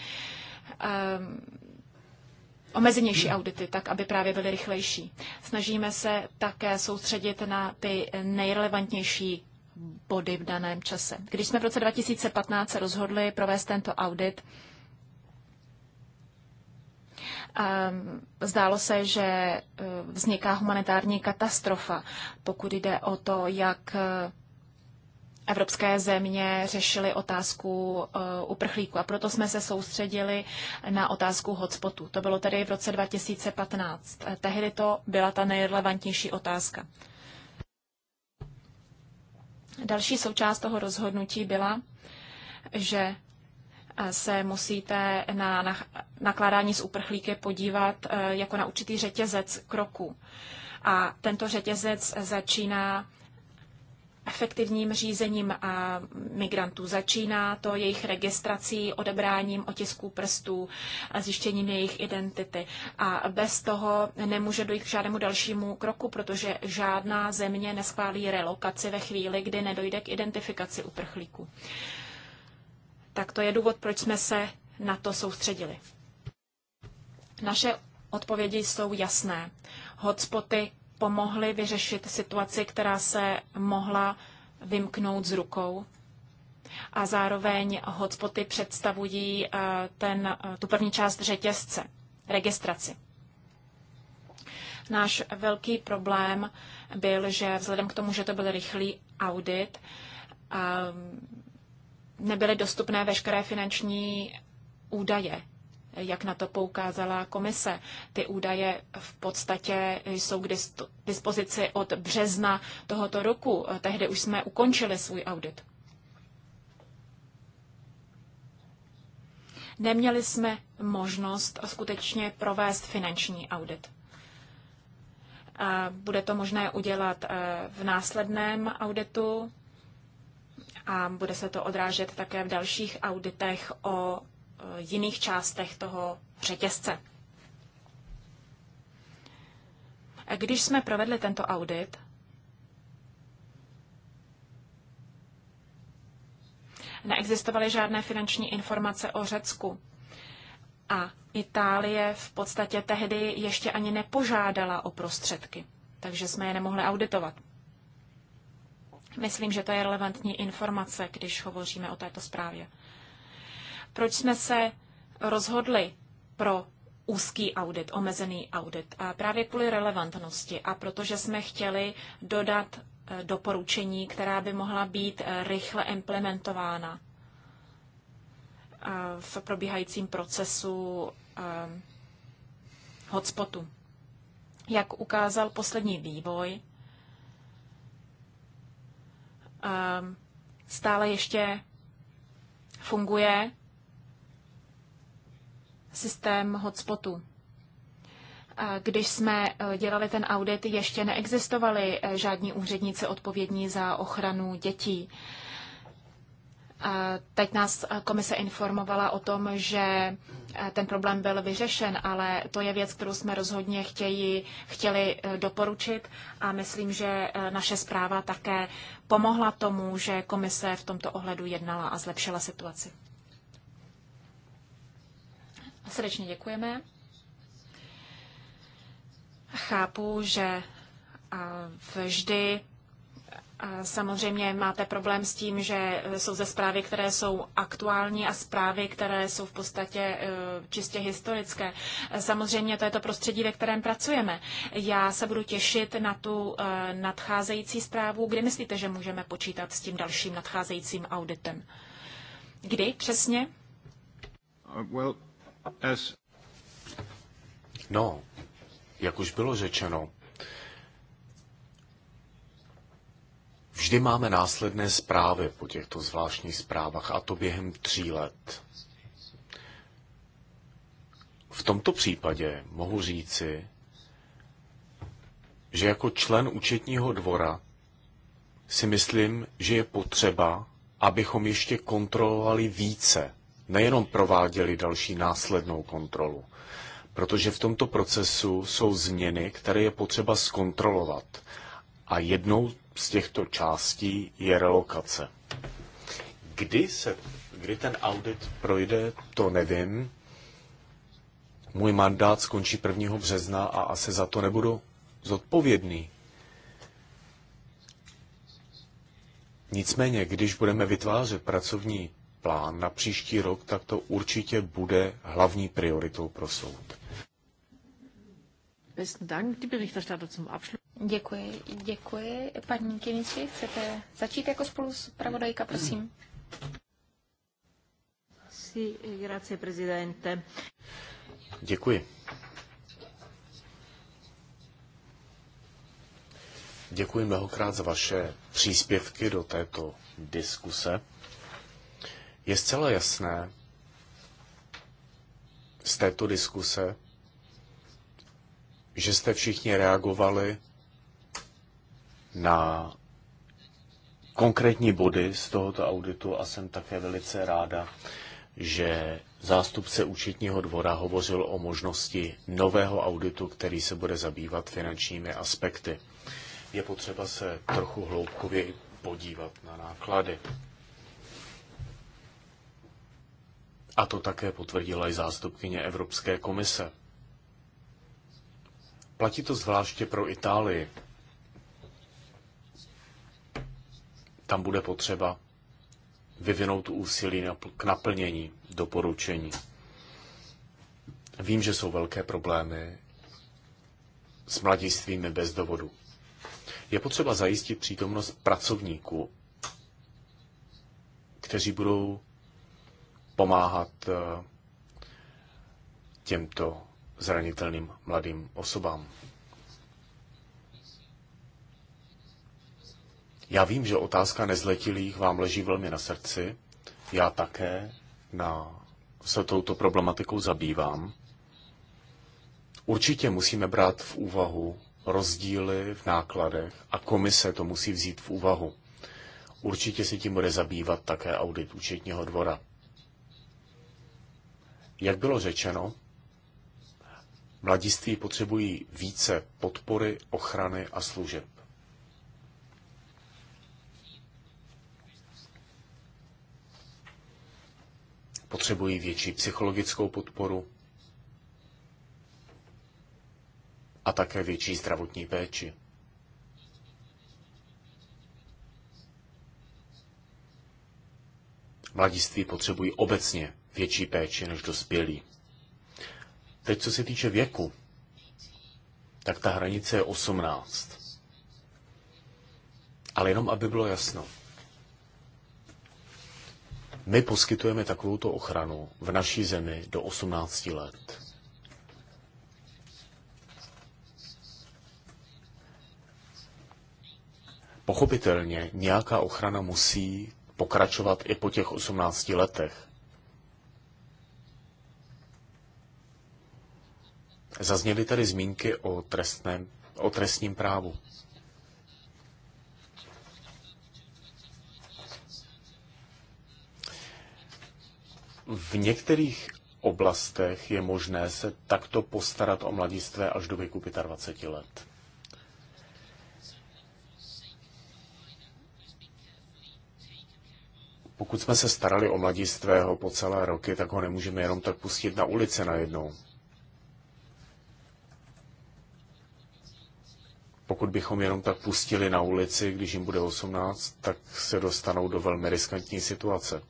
ehm, omezenější audity, tak aby právě byly rychlejší. Snažíme se také soustředit na ty nejrelevantnější body v daném čase. Když jsme v roce 2015 se rozhodli provést tento audit, ehm, zdálo se, že eh, vzniká humanitární katastrofa, pokud jde o to, jak eh, evropské země řešily otázku eh, uprchlíků a proto jsme se soustředili na otázku hotspotu. To bylo tedy v roce 2015. Eh, tehdy to byla ta nejrelevantnější otázka. Další součást toho rozhodnutí byla, že eh, se musíte na nakládání s uprchlíky podívat jako na určitý řetězec kroků. A tento řetězec začíná efektivním řízením migrantů. Začíná to jejich registrací, odebráním otisků prstů, zjištěním jejich identity. A bez toho nemůže dojít k žádnému dalšímu kroku, protože žádná země neschválí relokaci ve chvíli, kdy nedojde k identifikaci uprchlíků. Tak to je důvod, proč jsme se na to soustředili. Naše odpovědi jsou jasné. Hotspoty pomohly vyřešit situaci, která se mohla vymknout z rukou. A zároveň hotspoty představují eh, ten, eh, tu první část řetězce, registraci. Náš velký problém byl, že vzhledem k tomu, že to byl rychlý audit, ehm, nebyly dostupné veškeré finanční údaje jak na to poukázala komise. Ty údaje v podstatě jsou k dispozici od března tohoto roku. Tehdy už jsme ukončili svůj audit. Neměli jsme možnost skutečně provést finanční audit. A bude to možné udělat e, v následném auditu a bude se to odrážet také v dalších auditech o Eh, jiných částech toho řetězce. Když jsme provedli tento audit, neexistovaly žádné finanční informace o Řecku. A Itálie v podstatě tehdy ještě ani nepožádala o prostředky, takže jsme je nemohli auditovat. Myslím, že to je relevantní informace, když hovoříme o této zprávě proč jsme se rozhodli pro úzký audit, omezený audit. A právě kvůli relevantnosti a protože jsme chtěli dodat eh, doporučení, která by mohla být eh, rychle implementována eh, v probíhajícím procesu hotspotu. Jak ukázal poslední vývoj, stále ještě funguje systém hotspotů. Když jsme eh, dělali ten audit, ještě neexistovali eh, žádní úředníci odpovědní za ochranu dětí. Teď nás eh, komise informovala o tom, že ten problém byl vyřešen, ale to je věc, kterou jsme rozhodně chtěli, chtěli doporučit a myslím, že naše zpráva také pomohla tomu, že komise v tomto ohledu jednala a zlepšila situaci. Srdečně děkujeme. Chápu, že vždy samozřejmě máte problém s tím, že jsou ze zprávy, které jsou aktuální a zprávy, které jsou v podstatě e, čistě historické. E, samozřejmě to je to prostředí, ve kterém pracujeme. Já se budu těšit na tu e, nadcházející zprávu. Kdy myslíte, že můžeme počítat s tím dalším nadcházejícím auditem? Kdy přesně? Uh, well, No, jak už bylo řečeno, Vždy máme následné zprávy po těchto zvláštních zprávách, a to během tří let. V tomto případě mohu říci, že jako člen účetního dvora si myslím, že je potřeba, abychom ještě kontrolovali více nejenom prováděli další následnou kontrolu, protože v tomto procesu jsou změny, které je potřeba zkontrolovat. A jednou z těchto částí je relokace. Kdy, se, kdy ten audit projde, to nevím. Můj mandát skončí 1. března a asi za to nebudu zodpovědný. Nicméně, když budeme vytvářet pracovní plán na příští rok, tak to určitě bude hlavní prioritou pro soud. Děkuji, děkuji. Paní Kiniči, chcete začít jako spolu s pravodajka, prosím? Sí, grazie, prezidente. Děkuji. Děkuji mnohokrát za vaše příspěvky do této diskuse. Je zcela jasné z této diskuse, že jste všichni reagovali na konkrétní body z tohoto auditu a jsem také velice ráda, že zástupce účetního dvora hovořil o možnosti nového auditu, který se bude zabývat finančními aspekty. Je potřeba se trochu hloubkově podívat na náklady. A to také potvrdila i zástupkyně Evropské komise. Platí to zvláště pro Itálii. Tam bude potřeba vyvinout úsilí k naplnění doporučení. Vím, že jsou velké problémy s mladistvími bez dovodu. Je potřeba zajistit přítomnost pracovníků, kteří budou pomáhat eh, těmto zranitelným mladým osobám. Já vím, že otázka nezletilých vám leží velmi na srdci. Já také na, se touto problematikou zabývám. Určitě musíme brát v úvahu rozdíly v nákladech a komise to musí vzít v úvahu. Určitě se tím bude zabývat také audit účetního dvora. Jak bylo řečeno, mladiství potřebují více podpory, ochrany a služeb. Potřebují větší psychologickou podporu a také větší zdravotní péči. Mladiství potřebují obecně větší péči než dospělí. Teď, co se týče věku, tak ta hranice je 18. Ale jenom, aby bylo jasno. My poskytujeme takovou ochranu v naší zemi do 18 let. Pochopitelně nějaká ochrana musí pokračovat i po těch 18 letech. Zazněly tady zmínky o, trestném, o trestním právu. V některých oblastech je možné se takto postarat o mladistvé až do věku 25 let. Pokud jsme se starali o mladistvého po celé roky, tak ho nemůžeme jenom tak pustit na ulici najednou. pokud bychom jenom tak pustili na ulici, když jim bude 18, tak se dostanou do velmi riskantní situace.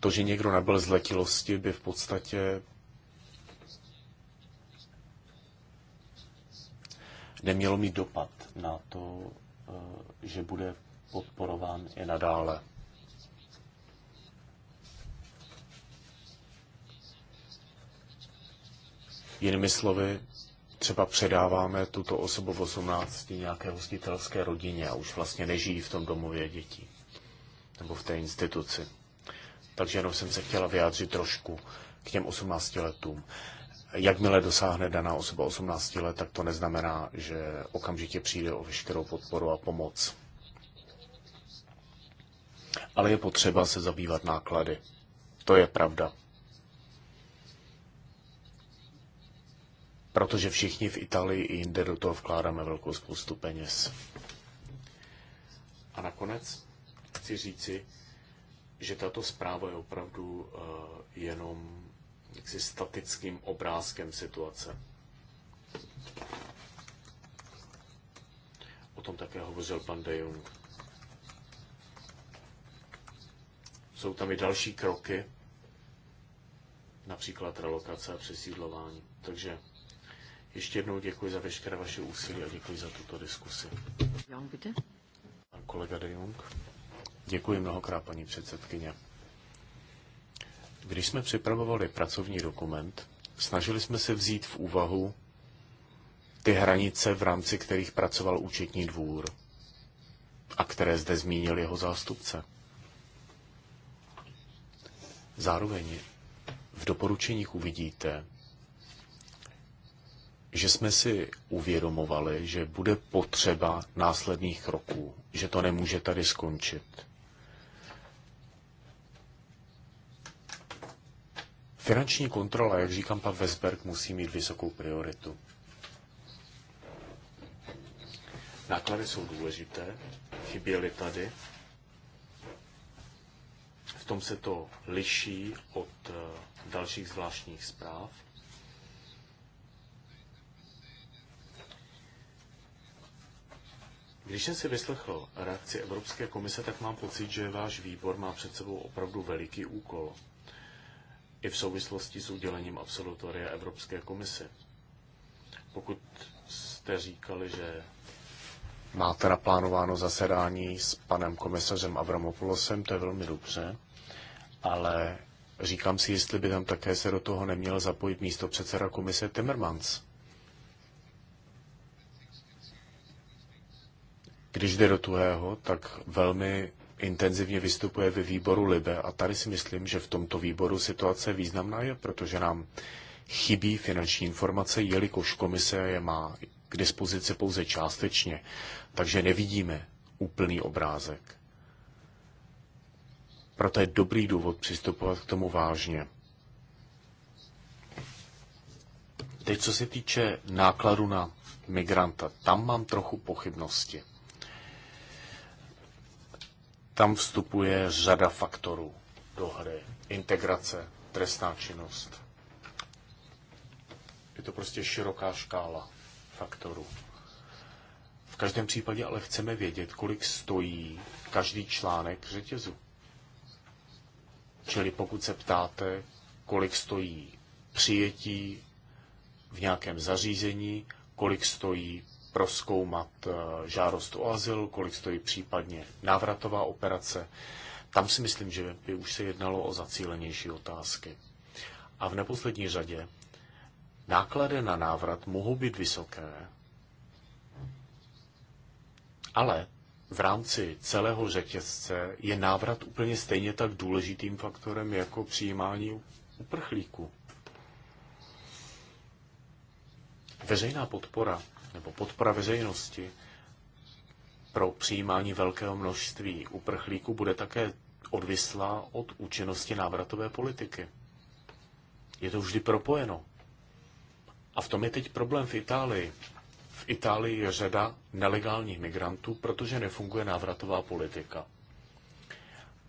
To, že někdo nebyl zletilosti, by v podstatě nemělo mít dopad na to, eh, že bude podporován i nadále. Jinými slovy, třeba předáváme tuto osobu v 18 nějaké hostitelské rodině a už vlastně nežijí v tom domově dětí nebo v té instituci. Takže jenom jsem se chtěla vyjádřit trošku k těm 18 letům. Jakmile dosáhne daná osoba 18 let, tak to neznamená, že okamžitě přijde o veškerou podporu a pomoc. Ale je potřeba se zabývat náklady. To je pravda. protože všichni v Itálii i jinde do toho vkládáme velkou spoustu peněz. A nakonec chci říci, že tato zpráva je opravdu uh, jenom jaksi statickým obrázkem situace. O tom také hovořil pan De Jong. Jsou tam i další kroky, například relokace a přesídlování. Takže ještě jednou děkuji za veškeré vaše úsilí a děkuji za tuto diskusi. Jan bitte. Pan kolega de Jong. Děkuji mnohokrát, paní předsedkyně. Když jsme připravovali pracovní dokument, snažili jsme se vzít v úvahu ty hranice, v rámci kterých pracoval účetní dvůr a které zde zmínil jeho zástupce. Zároveň v doporučeních uvidíte, že jsme si uvědomovali, že bude potřeba následných kroků, že to nemůže tady skončit. Finanční kontrola, jak říkám pan Vesberg, musí mít vysokou prioritu. Náklady jsou důležité, chyběly tady. V tom se to liší od eh, dalších zvláštních zpráv. Když jsem si vyslechl reakci Evropské komise, tak mám pocit, že váš výbor má před sebou opravdu veliký úkol. I v souvislosti s udělením absolutoria Evropské komise. Pokud jste říkali, že máte naplánováno zasedání s panem komisařem Avramopoulosem, to je velmi dobře, ale říkám si, jestli by tam také se do toho neměl zapojit místo předseda komise Timmermans. když jde do tuhého, tak velmi intenzivně vystupuje ve výboru Libe a tady si myslím, že v tomto výboru situace významná je, protože nám chybí finanční informace, jelikož komise je má k dispozici pouze částečně, takže nevidíme úplný obrázek. Proto je dobrý důvod přistupovat k tomu vážně. Teď, co se týče nákladu na migranta, tam mám trochu pochybnosti tam vstupuje řada faktorů do hry. Integrace, trestná činnost. Je to prostě široká škála faktorů. V každém případě ale chceme vědět, kolik stojí každý článek řetězu. Čili pokud se ptáte, kolik stojí přijetí v nějakém zařízení, kolik stojí proskoumat eh, žádost o azyl, kolik stojí případně návratová operace. Tam si myslím, že by už se jednalo o zacílenější otázky. A v neposlední řadě náklady na návrat mohou být vysoké, ale v rámci celého řetězce je návrat úplně stejně tak důležitým faktorem jako přijímání uprchlíků. Veřejná podpora nebo podpora veřejnosti pro přijímání velkého množství uprchlíků bude také odvislá od účinnosti návratové politiky. Je to vždy propojeno. A v tom je teď problém v Itálii. V Itálii je řada nelegálních migrantů, protože nefunguje návratová politika.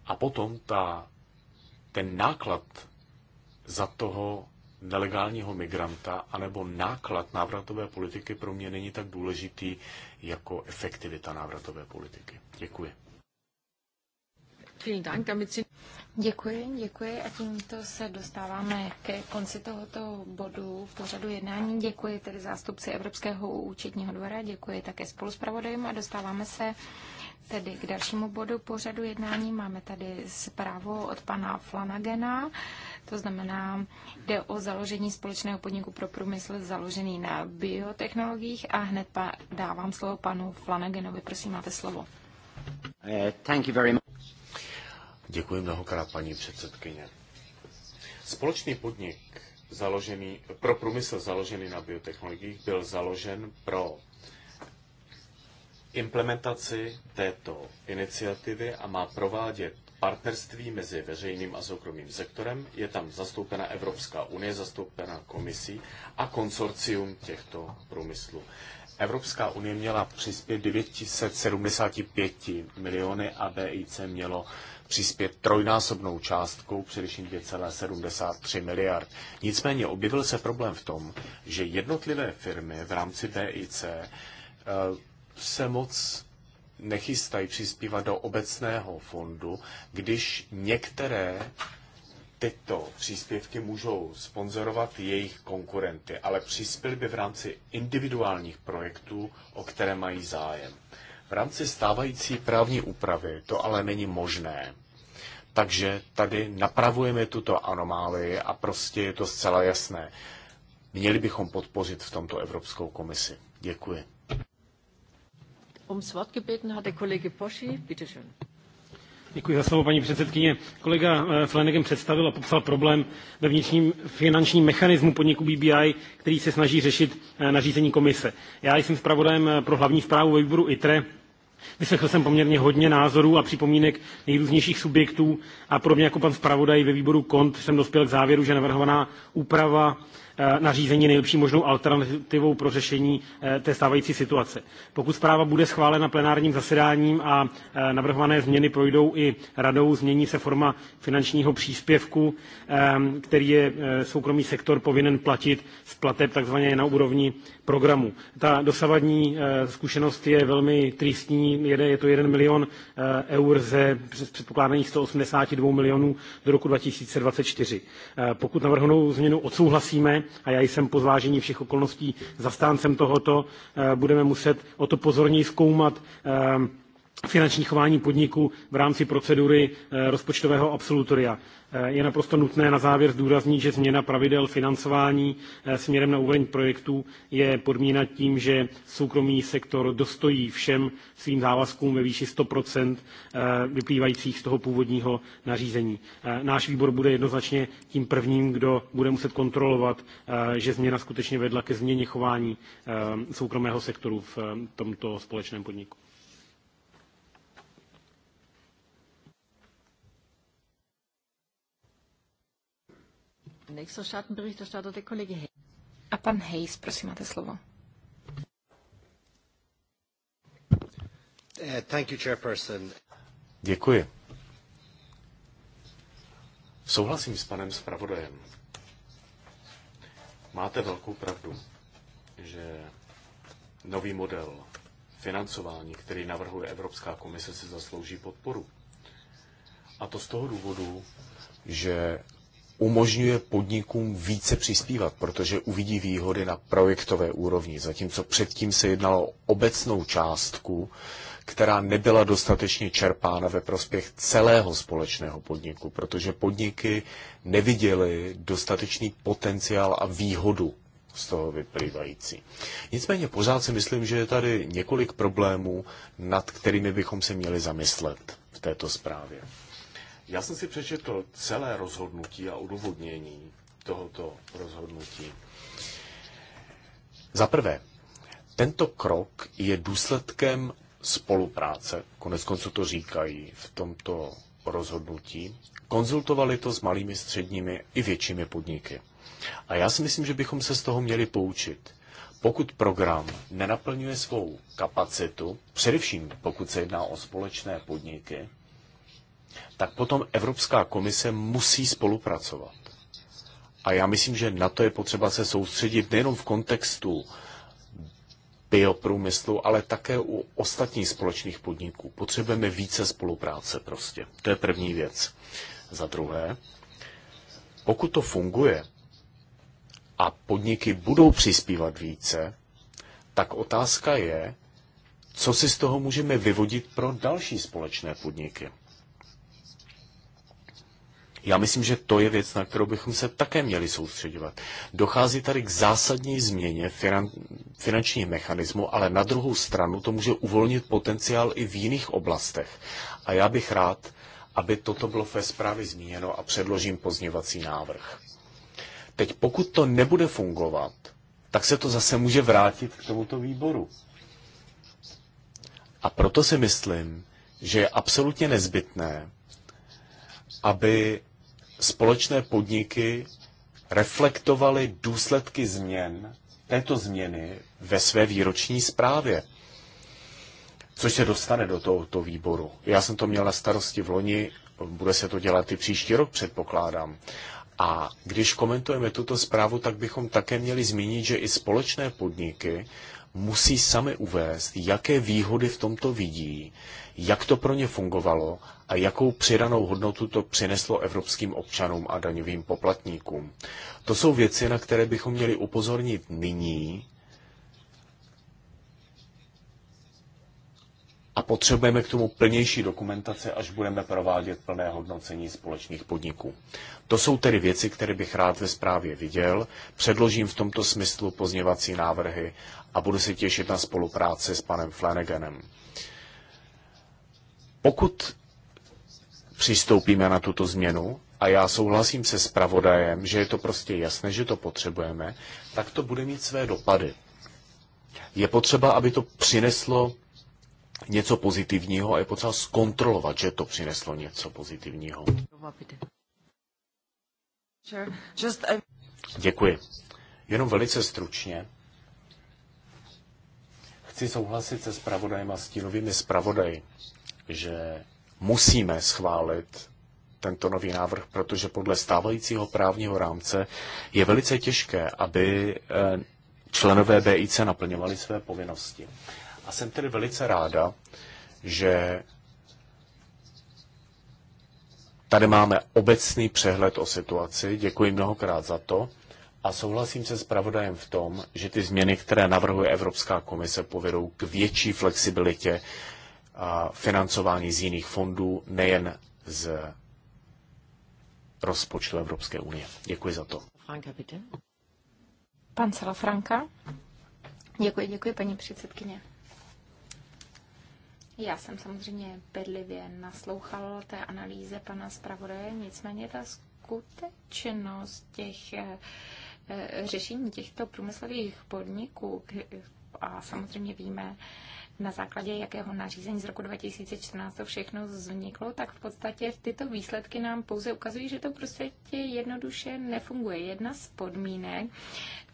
A potom ta, ten náklad za toho nelegálního migranta anebo náklad návratové politiky pro mě není tak důležitý jako efektivita návratové politiky. Děkuji. Děkuji, děkuji a tímto se dostáváme ke konci tohoto bodu v pořadu jednání. Děkuji tedy zástupci Evropského účetního dvora, děkuji také spoluspravodajům a dostáváme se tedy k dalšímu bodu pořadu jednání. Máme tady zprávu od pana Flanagena to znamená, jde o založení společného podniku pro průmysl založený na biotechnologiích a hned pa, dávám slovo panu Flanagenovi. Prosím, máte slovo. Eh, thank you very much. Děkuji mnohokrát, paní předsedkyně. Společný podnik založený, pro průmysl založený na biotechnologiích byl založen pro implementaci této iniciativy a má provádět partnerství mezi veřejným a soukromým sektorem. Je tam zastoupena Evropská unie, zastoupena komisí a konsorcium těchto průmyslů. Evropská unie měla přispět 975 miliony a BIC mělo přispět trojnásobnou částkou, především 2,73 miliard. Nicméně objevil se problém v tom, že jednotlivé firmy v rámci BIC eh, se moc nechystají přispívat do obecného fondu, když některé tyto příspěvky můžou sponzorovat jejich konkurenty, ale přispěli by v rámci individuálních projektů, o které mají zájem. V rámci stávající právní úpravy to ale není možné. Takže tady napravujeme tuto anomálii a prostě je to zcela jasné. Měli bychom podpořit v tomto Evropskou komisi. Děkuji. Um paní předsedající Kolega eh, Flanagan představil a popsal problém ve vnitřním finančním mechanismu podniku BBI, který se snaží řešit eh, nařízení komise. Já jsem zpravodajem eh, pro hlavní zprávu ve výboru ITRE, Vyslechl jsem poměrně hodně názorů a připomínek nejrůznějších subjektů a podobně jako pan zpravodaj ve výboru cont jsem dospěl k závěru, že navrhovaná úprava Eh, nařízení nejlepší možnou alternativou pro řešení eh, té stávající situace. Pokud zpráva bude schválena plenárním zasedáním a eh, navrhované změny projdou i radou, změní se forma finančního příspěvku, ehm, který je soukromý sektor povinen platit z plateb takzvaně na úrovni programu. Ta dosavadní zkušenost je velmi tristní, je to 1 milion eur ze předpokládaných 182 milionů do roku 2024. Pokud navrhnou změnu odsouhlasíme, a já jsem po zvážení všech okolností zastáncem tohoto, eh, budeme muset o to pozorněji zkoumat eh, finanční chování podniků v rámci procedury eh, rozpočtového absolutoria. Eh, je naprosto nutné na závěr zdůraznit, že změna pravidel financování eh, směrem na úroveň projektů je podmíněna tím, že soukromý sektor dostojí všem svým závazkům ve výši 100 vyplývajících z toho původního nařízení. Náš výbor bude jednoznačně tím prvním, kdo bude muset kontrolovat, že změna skutečně vedla ke změně chování soukromého sektoru v tomto společném podniku. A pan Hayes, prosím, máte slovo. Eh, Děkuji. Souhlasím s panem zpravodajem. Máte velkou pravdu, že nový model financování, který navrhuje Evropská komise, si zaslouží podporu. A to z toho důvodu, že umožňuje podnikům více přispívat, protože uvidí výhody na projektové úrovni, zatímco předtím se jednalo o obecnou částku, která nebyla dostatečně čerpána ve prospěch celého společného podniku, protože podniky neviděly dostatečný potenciál a výhodu z toho vyplývající. Nicméně pořád si myslím, že je tady několik problémů, nad kterými bychom se měli zamyslet v této zprávě. Já jsem si přečetl celé rozhodnutí a odůvodnění tohoto rozhodnutí. Za prvé, tento krok je důsledkem spolupráce, konec konců to říkají v tomto rozhodnutí. Konzultovali to s malými, středními i většími podniky. A já si myslím, že bychom se z toho měli poučit. Pokud program nenaplňuje svou kapacitu, především pokud se jedná o společné podniky, tak potom Evropská komise musí spolupracovat. A já myslím, že na to je potřeba se soustředit nejenom v kontextu bioprůmyslu, ale také u ostatních společných podniků. Potřebujeme více spolupráce prostě. To je první věc. Za druhé, pokud to funguje a podniky budou přispívat více, tak otázka je, co si z toho můžeme vyvodit pro další společné podniky. Já myslím, že to je věc, na kterou bychom se také měli soustředovat. Dochází tady k zásadní změně finan, finančních mechanismu, ale na druhou stranu to může uvolnit potenciál i v jiných oblastech. A já bych rád, aby toto bylo ve zprávě zmíněno a předložím pozněvací návrh. Teď pokud to nebude fungovat, tak se to zase může vrátit k tomuto výboru. A proto si myslím, že je absolutně nezbytné, aby společné podniky reflektovaly důsledky změn, této změny ve své výroční zprávě, což se dostane do tohoto výboru. Já jsem to měl na starosti v loni, bude se to dělat i příští rok, předpokládám. A když komentujeme tuto zprávu, tak bychom také měli zmínit, že i společné podniky musí sami uvést, jaké výhody v tomto vidí, jak to pro ně fungovalo a jakou přidanou hodnotu to přineslo evropským občanům a daňovým poplatníkům. To jsou věci, na které bychom měli upozornit nyní, a potřebujeme k tomu plnější dokumentace, až budeme provádět plné hodnocení společných podniků. To jsou tedy věci, které bych rád ve zprávě viděl. Předložím v tomto smyslu pozněvací návrhy a budu se těšit na spolupráci s panem Flanaganem. Pokud přistoupíme na tuto změnu, a já souhlasím se zpravodajem, že je to prostě jasné, že to potřebujeme, tak to bude mít své dopady. Je potřeba, aby to přineslo něco pozitivního a je potřeba zkontrolovat, že to přineslo něco pozitivního. Děkuji. Jenom velice stručně. Chci souhlasit se spravodajem a stínovými spravodají, že musíme schválit tento nový návrh, protože podle stávajícího právního rámce je velice těžké, aby eh, členové BIC naplňovali své povinnosti. A jsem tedy velice ráda, že tady máme obecný přehled o situaci. Děkuji mnohokrát za to. A souhlasím se s pravodajem v tom, že ty změny, které navrhuje Evropská komise, povedou k větší flexibilitě a financování z jiných fondů, nejen z rozpočtu Evropské unie. Děkuji za to. Franka, bitte. Pan Salafranka. Děkuji, děkuji, paní předsedkyně. Já jsem samozřejmě bedlivě naslouchal té analýze pana zpravodaje, nicméně ta skutečnost těch eh, eh, řešení těchto průmyslových podniků, a samozřejmě víme, na základě jakého nařízení z roku 2014 to všechno vzniklo, tak v podstatě tyto výsledky nám pouze ukazují, že to prostě jednoduše nefunguje. Jedna z podmínek,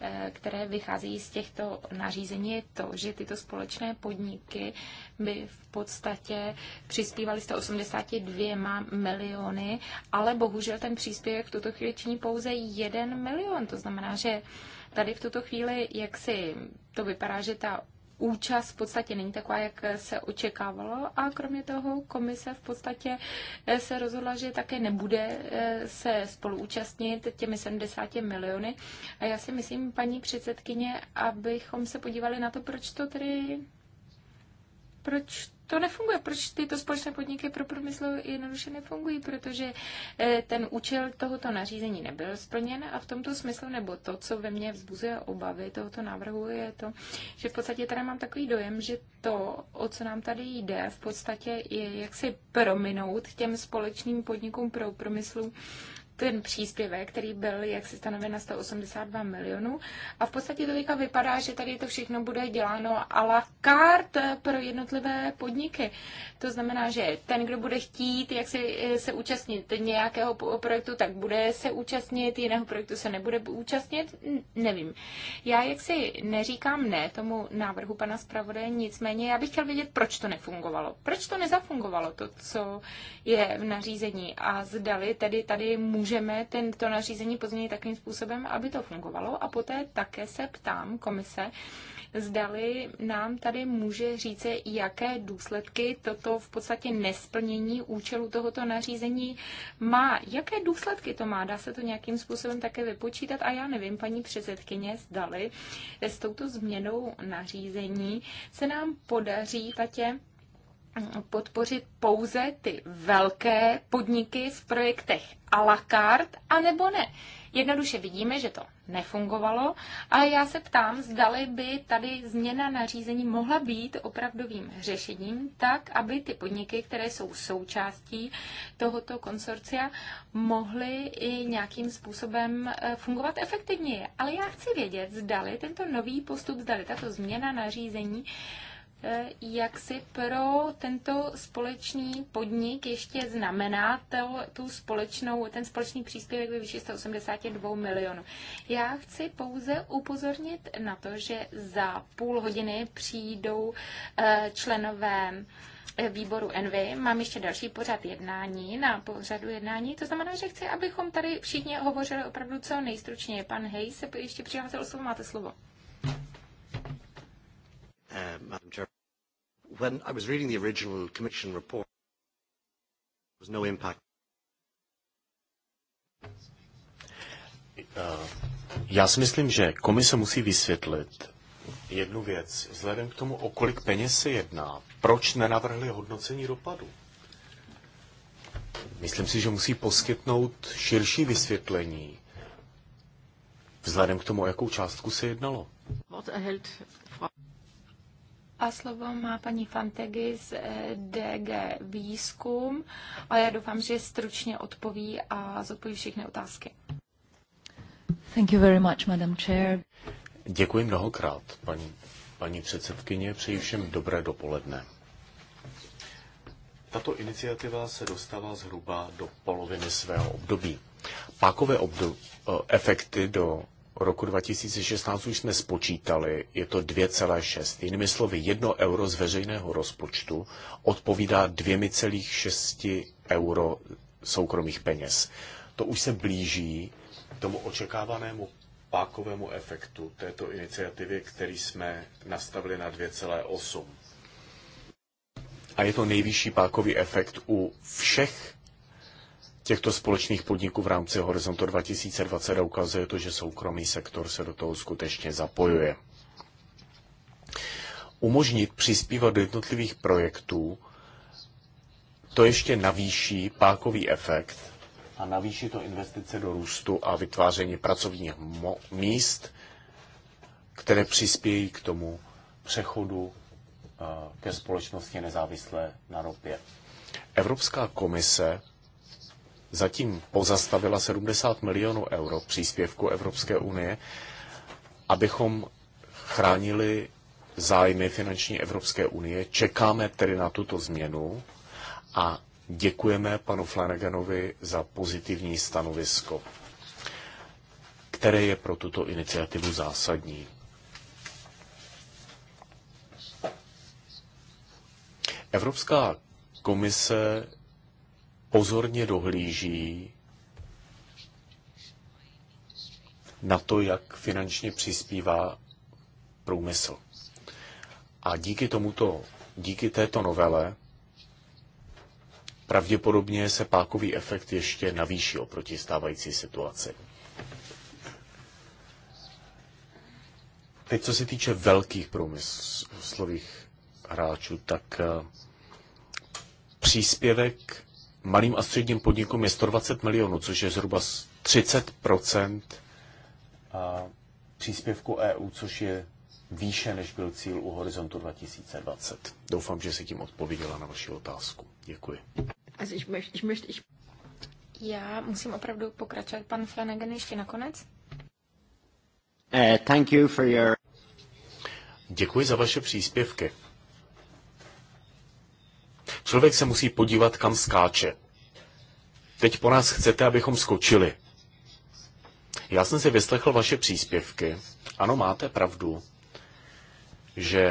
eh, které vychází z těchto nařízení, je to, že tyto společné podniky by v podstatě přispívaly 182 miliony, ale bohužel ten příspěvek v tuto chvíli činí pouze 1 milion. To znamená, že tady v tuto chvíli, jak si to vypadá, že ta účast v podstatě není taková, jak se očekávalo a kromě toho komise v podstatě eh, se rozhodla, že také nebude eh, se spoluúčastnit těmi 70 miliony. A já si myslím, paní předsedkyně, abychom se podívali na to, proč to tedy proč to nefunguje. Proč tyto společné podniky pro průmysl jednoduše nefungují? Protože eh, ten účel tohoto nařízení nebyl splněn a v tomto smyslu, nebo to, co ve mně vzbuzuje obavy tohoto návrhu, je to, že v podstatě tady mám takový dojem, že to, o co nám tady jde, v podstatě je jak prominout těm společným podnikům pro průmyslu ten příspěvek, který byl jak se stanoví, na 182 milionů. A v podstatě teďka vypadá, že tady to všechno bude děláno a la carte pro jednotlivé podniky. To znamená, že ten, kdo bude chtít, jak se, eh, se účastnit nějakého projektu, tak bude se účastnit, jiného projektu se nebude účastnit, nevím. Já jak si neříkám ne tomu návrhu pana zpravodaje, nicméně já bych chtěl vědět, proč to nefungovalo. Proč to nezafungovalo, to, co je v nařízení a zdali tedy tady může můžeme tento nařízení pozměnit takým způsobem, aby to fungovalo. A poté také se ptám komise, zdali nám tady může říct, jaké důsledky toto v podstatě nesplnění účelu tohoto nařízení má. Jaké důsledky to má? Dá se to nějakým způsobem také vypočítat? A já nevím, paní předsedkyně, zdali s touto změnou nařízení se nám podaří tatě podpořit pouze ty velké podniky v projektech a la carte, anebo ne. Jednoduše vidíme, že to nefungovalo a já se ptám, zdali by tady změna nařízení mohla být opravdovým řešením, tak aby ty podniky, které jsou součástí tohoto konsorcia, mohly i nějakým způsobem eh, fungovat efektivněji. Ale já chci vědět, zdali tento nový postup, zdali tato změna nařízení Eh, jak si pro tento společný podnik ještě znamená to, tu společnou, ten společný příspěvek ve výši 182 milionů. Já chci pouze upozornit na to, že za půl hodiny přijdou eh, členové eh, výboru Envy. Mám ještě další pořad jednání na pořadu jednání. To znamená, že chci, abychom tady všichni hovořili opravdu co nejstručněji. Pan Hej se ještě přihlásil slovo. Máte slovo. Uh, Madam Chair. When I was reading the original Commission report, there was no impact. Uh, já si myslím, že komise musí vysvětlit jednu věc. Vzhledem k tomu, o kolik peněz se jedná, proč nenavrhli hodnocení dopadu? Myslím si, že musí poskytnout širší vysvětlení, vzhledem k tomu, o jakou částku se jednalo. A slovo má paní Fantegy z eh, DG Výzkum a já doufám, že stručně odpoví a zodpoví všechny otázky. Thank you very much, Madam Chair. Děkuji mnohokrát, paní, paní předsedkyně. Přeji všem dobré dopoledne. Tato iniciativa se dostala zhruba do poloviny svého období. Pákové období, eh, efekty do roku 2016 už jsme spočítali, je to 2,6. Jinými slovy, jedno euro z veřejného rozpočtu odpovídá 2,6 euro soukromých peněz. To už se blíží tomu očekávanému pákovému efektu této iniciativy, který jsme nastavili na 2,8. A je to nejvyšší pákový efekt u všech těchto společných podniků v rámci Horizontu 2020 ukazuje to, že soukromý sektor se do toho skutečně zapojuje. Umožnit přispívat do jednotlivých projektů, to ještě navýší pákový efekt a navýší to investice do růstu a vytváření pracovních míst, které přispějí k tomu přechodu eh, ke společnosti nezávislé na ropě. Evropská komise zatím pozastavila 70 milionů euro příspěvku Evropské unie, abychom chránili zájmy finanční Evropské unie. Čekáme tedy na tuto změnu a děkujeme panu Flanaganovi za pozitivní stanovisko, které je pro tuto iniciativu zásadní. Evropská komise pozorně dohlíží na to, jak finančně přispívá průmysl. A díky tomuto, díky této novele pravděpodobně se pákový efekt ještě navýší oproti stávající situaci. Teď, co se týče velkých průmyslových hráčů, tak eh, příspěvek malým a středním podnikům je 120 milionů, což je zhruba 30 příspěvku EU, což je výše, než byl cíl u horizontu 2020. Doufám, že se tím odpověděla na vaši otázku. Děkuji. Já musím opravdu pokračovat. Pan Flanagan ještě nakonec. Uh, thank you for your... Děkuji za vaše příspěvky. Člověk se musí podívat, kam skáče. Teď po nás chcete, abychom skočili. Já jsem si vyslechl vaše příspěvky. Ano, máte pravdu, že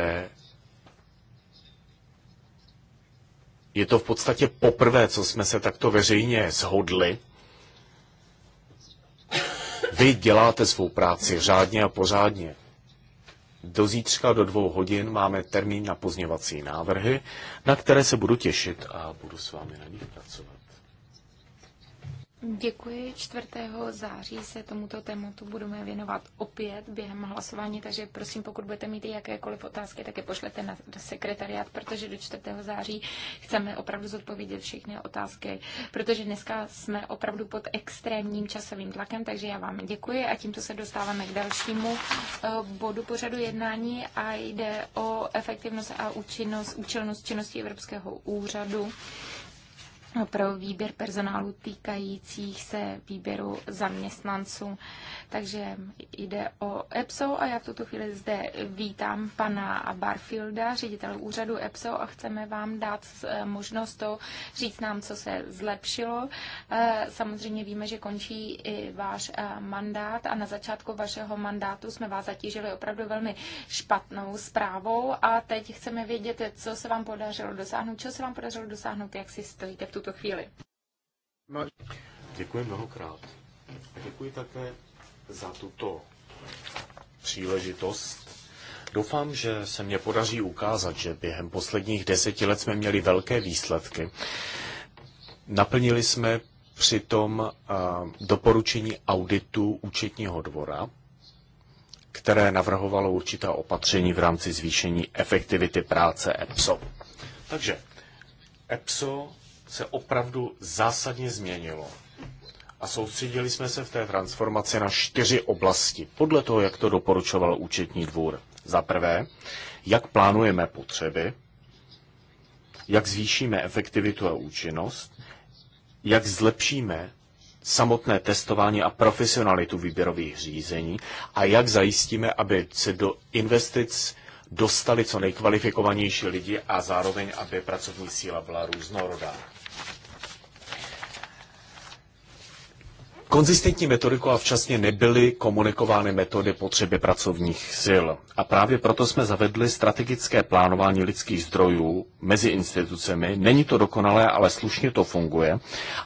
je to v podstatě poprvé, co jsme se takto veřejně shodli. Vy děláte svou práci řádně a pořádně. Do zítřka do dvou hodin máme termín na pozněvací návrhy, na které se budu těšit a budu s vámi na nich pracovat. Děkuji. 4. září se tomuto tématu budeme věnovat opět během hlasování, takže prosím, pokud budete mít jakékoliv otázky, tak je pošlete na sekretariát, protože do 4. září chceme opravdu zodpovědět všechny otázky, protože dneska jsme opravdu pod extrémním časovým tlakem, takže já vám děkuji a tímto se dostáváme k dalšímu eh, bodu pořadu jednání a jde o efektivnost a účinnost, účelnost činnosti Evropského úřadu pro výběr personálu týkajících se výběru zaměstnanců. Takže jde o EPSO a já v tuto chvíli zde vítám pana Barfielda, ředitele úřadu EPSO a chceme vám dát eh, možnost to říct nám, co se zlepšilo. Eh, samozřejmě víme, že končí i váš eh, mandát a na začátku vašeho mandátu jsme vás zatížili opravdu velmi špatnou zprávou a teď chceme vědět, co se vám podařilo dosáhnout, co se vám podařilo dosáhnout, jak si stojíte v tuto chvíli. Děkuji mnohokrát. A děkuji také za tuto příležitost. Doufám, že se mě podaří ukázat, že během posledních deseti let jsme měli velké výsledky. Naplnili jsme přitom doporučení auditu účetního dvora, které navrhovalo určitá opatření v rámci zvýšení efektivity práce EPSO. Takže EPSO se opravdu zásadně změnilo a soustředili jsme se v té transformaci na čtyři oblasti, podle toho, jak to doporučoval účetní dvůr. Za prvé, jak plánujeme potřeby, jak zvýšíme efektivitu a účinnost, jak zlepšíme samotné testování a profesionalitu výběrových řízení a jak zajistíme, aby se do investic dostali co nejkvalifikovanější lidi a zároveň, aby pracovní síla byla různorodá. konzistentní metodiku a včasně nebyly komunikovány metody potřeby pracovních sil. A právě proto jsme zavedli strategické plánování lidských zdrojů mezi institucemi. Není to dokonalé, ale slušně to funguje.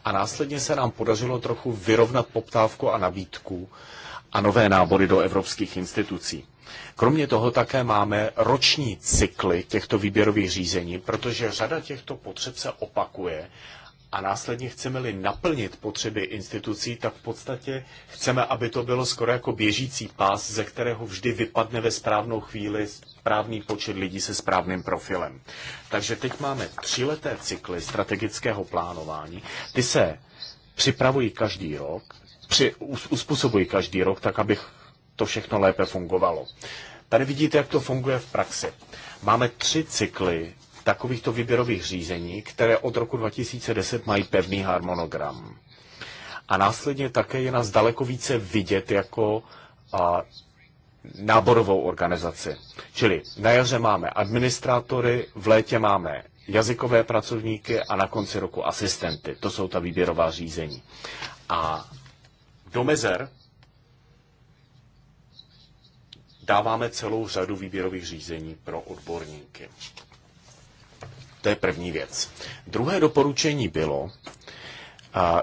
A následně se nám podařilo trochu vyrovnat poptávku a nabídku a nové nábory do evropských institucí. Kromě toho také máme roční cykly těchto výběrových řízení, protože řada těchto potřeb se opakuje a následně chceme-li naplnit potřeby institucí, tak v podstatě chceme, aby to bylo skoro jako běžící pás, ze kterého vždy vypadne ve správnou chvíli správný počet lidí se správným profilem. Takže teď máme tříleté cykly strategického plánování. Ty se připravují každý rok, při, uspůsobují každý rok, tak aby to všechno lépe fungovalo. Tady vidíte, jak to funguje v praxi. Máme tři cykly takovýchto výběrových řízení, které od roku 2010 mají pevný harmonogram. A následně také je nás daleko více vidět jako a, náborovou organizaci. Čili na jaře máme administrátory, v létě máme jazykové pracovníky a na konci roku asistenty. To jsou ta výběrová řízení. A do mezer dáváme celou řadu výběrových řízení pro odborníky. To je první věc. Druhé doporučení bylo,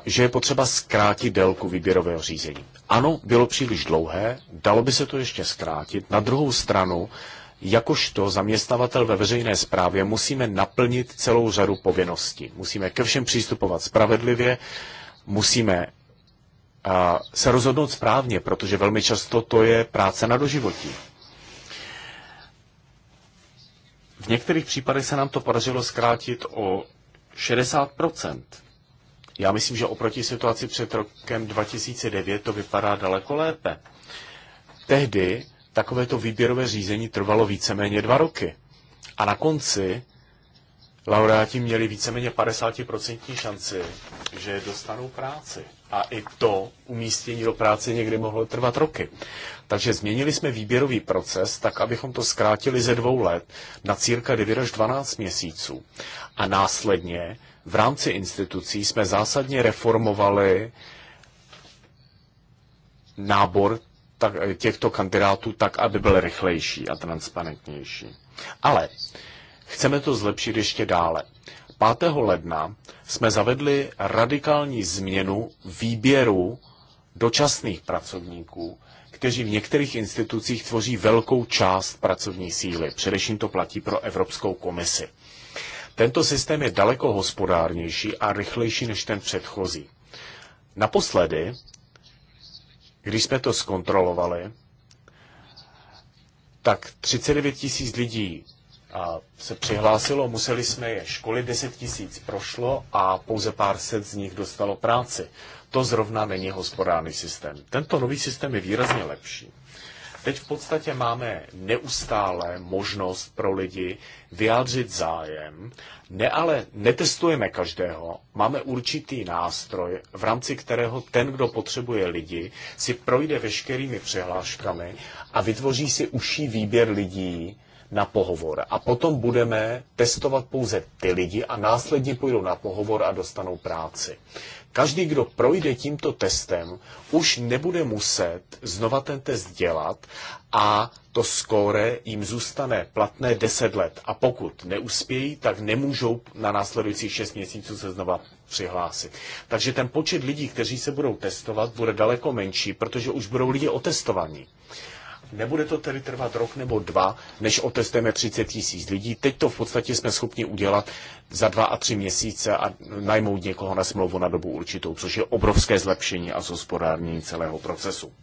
že je potřeba zkrátit délku výběrového řízení. Ano, bylo příliš dlouhé, dalo by se to ještě zkrátit. Na druhou stranu, jakožto zaměstnavatel ve veřejné správě musíme naplnit celou řadu povinností. Musíme ke všem přístupovat spravedlivě, musíme se rozhodnout správně, protože velmi často to je práce na doživotí. V některých případech se nám to podařilo zkrátit o 60 Já myslím, že oproti situaci před rokem 2009 to vypadá daleko lépe. Tehdy takovéto výběrové řízení trvalo víceméně dva roky. A na konci laureáti měli víceméně 50% šanci, že dostanou práci. A i to umístění do práce někdy mohlo trvat roky. Takže změnili jsme výběrový proces tak, abychom to zkrátili ze dvou let na círka 9 až 12 měsíců. A následně v rámci institucí jsme zásadně reformovali nábor tak, těchto kandidátů tak, aby byl rychlejší a transparentnější. Ale chceme to zlepšit ještě dále. 5. ledna jsme zavedli radikální změnu výběru dočasných pracovníků, kteří v některých institucích tvoří velkou část pracovní síly. Především to platí pro Evropskou komisi. Tento systém je daleko hospodárnější a rychlejší než ten předchozí. Naposledy, když jsme to zkontrolovali, tak 39 tisíc lidí a, se přihlásilo, museli jsme je Školy 10 tisíc prošlo a pouze pár set z nich dostalo práci. To zrovna není hospodárný systém. Tento nový systém je výrazně lepší. Teď v podstatě máme neustále možnost pro lidi vyjádřit zájem, ne ale netestujeme každého, máme určitý nástroj, v rámci kterého ten, kdo potřebuje lidi, si projde veškerými přihláškami a vytvoří si užší výběr lidí, na pohovor. A potom budeme testovat pouze ty lidi a následně půjdou na pohovor a dostanou práci. Každý, kdo projde tímto testem, už nebude muset znova ten test dělat a to skóre jim zůstane platné 10 let. A pokud neuspějí, tak nemůžou na následujících 6 měsíců se znova přihlásit. Takže ten počet lidí, kteří se budou testovat, bude daleko menší, protože už budou lidi otestovaní. Nebude to tedy trvat rok nebo dva, než otestujeme 30 tisíc lidí. Teď to v podstatě jsme schopni udělat za dva a tři měsíce a najmout někoho na smlouvu na dobu určitou, což je obrovské zlepšení a zhospodárnění celého procesu.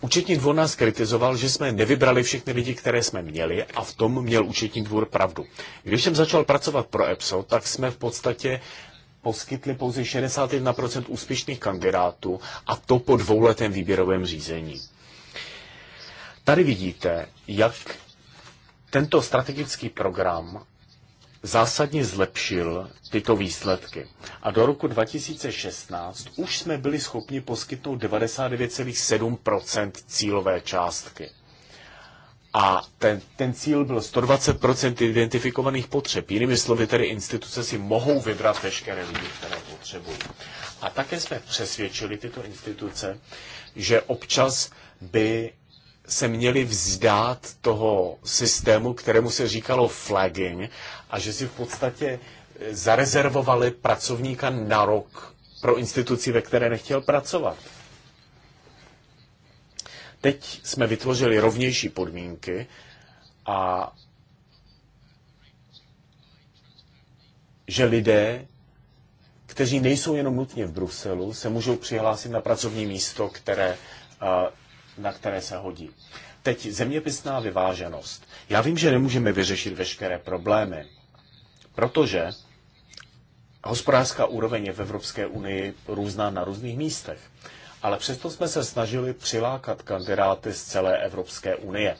Učetní dvor nás kritizoval, že jsme nevybrali všechny lidi, které jsme měli a v tom měl učetní dvor pravdu. Když jsem začal pracovat pro EPSO, tak jsme v podstatě poskytli pouze 61% úspěšných kandidátů a to po dvouletém výběrovém řízení. Tady vidíte, jak tento strategický program zásadně zlepšil tyto výsledky. A do roku 2016 už jsme byli schopni poskytnout 99,7 cílové částky. A ten, ten cíl byl 120 identifikovaných potřeb. Jinými slovy, tedy instituce si mohou vybrat veškeré lidi, které potřebují. A také jsme přesvědčili tyto instituce, že občas by se měli vzdát toho systému, kterému se říkalo flagging, a že si v podstatě e, zarezervovali pracovníka na rok pro instituci, ve které nechtěl pracovat. Teď jsme vytvořili rovnější podmínky a že lidé, kteří nejsou jenom nutně v Bruselu, se můžou přihlásit na pracovní místo, které na které se hodí. Teď zeměpisná vyváženost. Já vím, že nemůžeme vyřešit veškeré problémy, protože hospodářská úroveň je v Evropské unii různá na různých místech. Ale přesto jsme se snažili přilákat kandidáty z celé Evropské unie.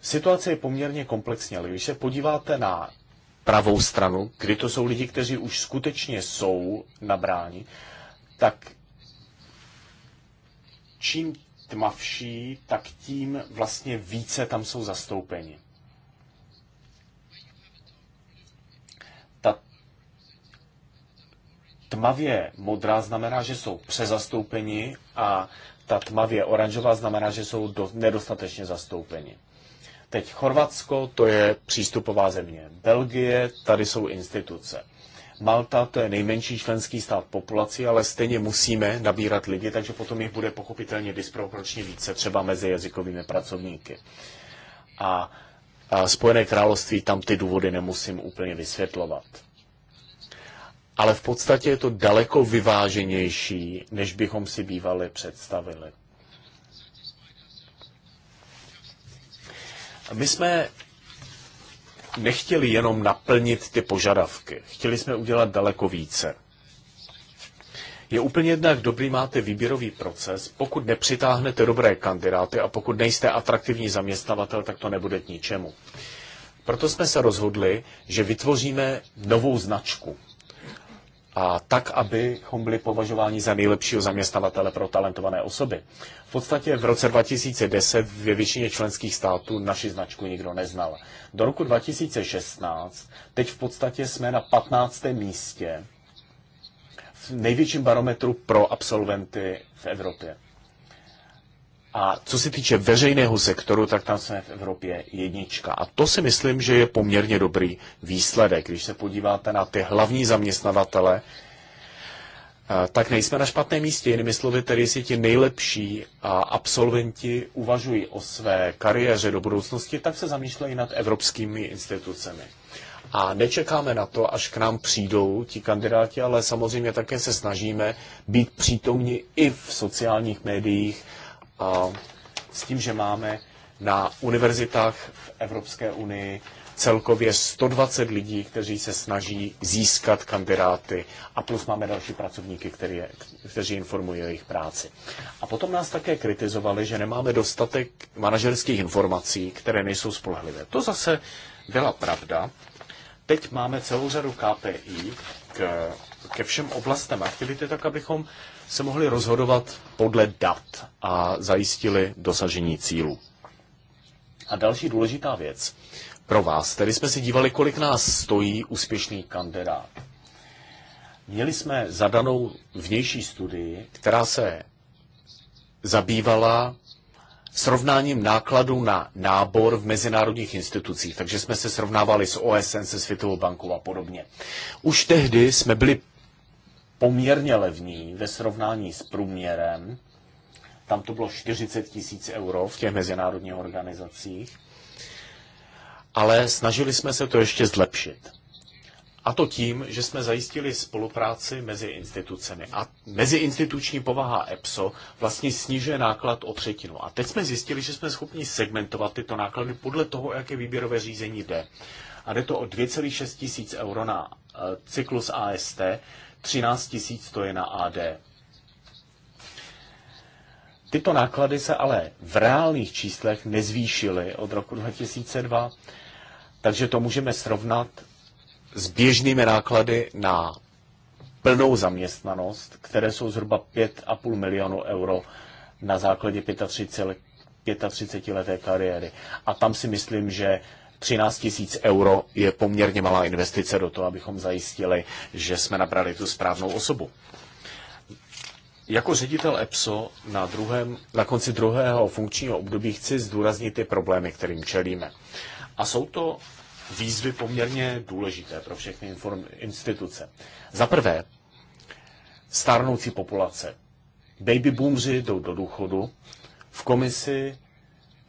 Situace je poměrně komplexní, ale když se podíváte na pravou stranu, kdy to jsou lidi, kteří už skutečně jsou na bráni, tak čím tmavší, tak tím vlastně více tam jsou zastoupeni. Ta tmavě modrá znamená, že jsou přezastoupeni a ta tmavě oranžová znamená, že jsou do, nedostatečně zastoupeni. Teď Chorvatsko, to je přístupová země. Belgie, tady jsou instituce. Malta to je nejmenší členský stát populaci, ale stejně musíme nabírat lidi, takže potom jich bude pochopitelně disproporčně více, třeba mezi jazykovými pracovníky. A, a Spojené království tam ty důvody nemusím úplně vysvětlovat. Ale v podstatě je to daleko vyváženější, než bychom si bývali představili. My jsme nechtěli jenom naplnit ty požadavky. Chtěli jsme udělat daleko více. Je úplně jednak dobrý máte výběrový proces, pokud nepřitáhnete dobré kandidáty a pokud nejste atraktivní zaměstnavatel, tak to nebude k ničemu. Proto jsme se rozhodli, že vytvoříme novou značku, a tak, abychom byli považováni za nejlepšího zaměstnavatele pro talentované osoby. V podstatě v roce 2010 ve většině členských států naši značku nikdo neznal. Do roku 2016, teď v podstatě jsme na 15. místě v největším barometru pro absolventy v Evropě. A co se týče veřejného sektoru, tak tam jsme v Evropě jednička. A to si myslím, že je poměrně dobrý výsledek. Když se podíváte na ty hlavní zaměstnavatele, eh, tak nejsme na špatném místě. Jinými slovy, tedy si ti nejlepší absolventi uvažují o své kariéře do budoucnosti, tak se zamýšlejí nad evropskými institucemi. A nečekáme na to, až k nám přijdou ti kandidáti, ale samozřejmě také se snažíme být přítomni i v sociálních médiích, s tím, že máme na univerzitách v Evropské unii celkově 120 lidí, kteří se snaží získat kandidáty a plus máme další pracovníky, který je, kteří informují o jejich práci. A potom nás také kritizovali, že nemáme dostatek manažerských informací, které nejsou spolehlivé. To zase byla pravda. Teď máme celou řadu KPI k, ke všem oblastem aktivity, tak abychom se mohli rozhodovat podle dat a zajistili dosažení cílů. A další důležitá věc pro vás. Tady jsme si dívali, kolik nás stojí úspěšný kandidát. Měli jsme zadanou vnější studii, která se zabývala srovnáním nákladů na nábor v mezinárodních institucích, takže jsme se srovnávali s OSN, se Světovou bankou a podobně. Už tehdy jsme byli poměrně levní ve srovnání s průměrem. Tam to bylo 40 tisíc euro v těch mezinárodních organizacích. Ale snažili jsme se to ještě zlepšit. A to tím, že jsme zajistili spolupráci mezi institucemi. A meziinstituční povaha EPSO vlastně snižuje náklad o třetinu. A teď jsme zjistili, že jsme schopni segmentovat tyto náklady podle toho, jaké výběrové řízení jde. A jde to o 2,6 tisíc euro na eh, cyklus AST 13 tisíc to je na AD. Tyto náklady se ale v reálných číslech nezvýšily od roku 2002, takže to můžeme srovnat s běžnými náklady na plnou zaměstnanost, které jsou zhruba 5,5 milionu euro na základě 35, 35 leté kariéry. A tam si myslím, že 13 tisíc euro je poměrně malá investice do toho, abychom zajistili, že jsme nabrali tu správnou osobu. Jako ředitel EPSO na, druhém, na konci druhého funkčního období chci zdůraznit ty problémy, kterým čelíme. A jsou to výzvy poměrně důležité pro všechny instituce. Za prvé, stárnoucí populace. Baby boomři jdou do důchodu. V komisi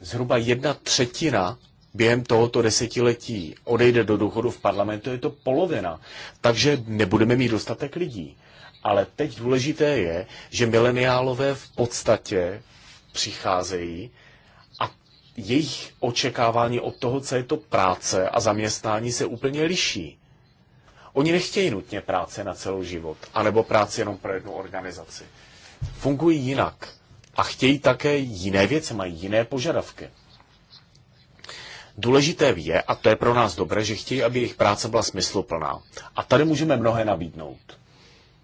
zhruba jedna třetina během tohoto desetiletí odejde do důchodu v parlamentu, je to polovina. Takže nebudeme mít dostatek lidí. Ale teď důležité je, že mileniálové v podstatě přicházejí a jejich očekávání od toho, co je to práce a zaměstnání, se úplně liší. Oni nechtějí nutně práce na celou život, anebo práci jenom pro jednu organizaci. Fungují jinak a chtějí také jiné věci, mají jiné požadavky. Důležité je, a to je pro nás dobré, že chtějí, aby jejich práce byla smysluplná. A tady můžeme mnohé nabídnout.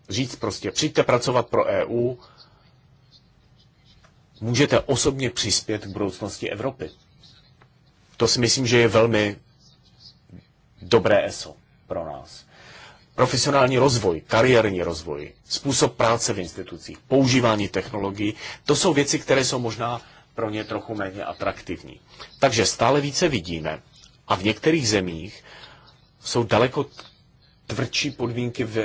Říct prostě, přijďte pracovat pro EU, můžete osobně přispět k budoucnosti Evropy. To si myslím, že je velmi dobré ESO pro nás. Profesionální rozvoj, kariérní rozvoj, způsob práce v institucích, používání technologií, to jsou věci, které jsou možná pro ně trochu méně atraktivní. Takže stále více vidíme a v některých zemích jsou daleko tvrdší podmínky ve,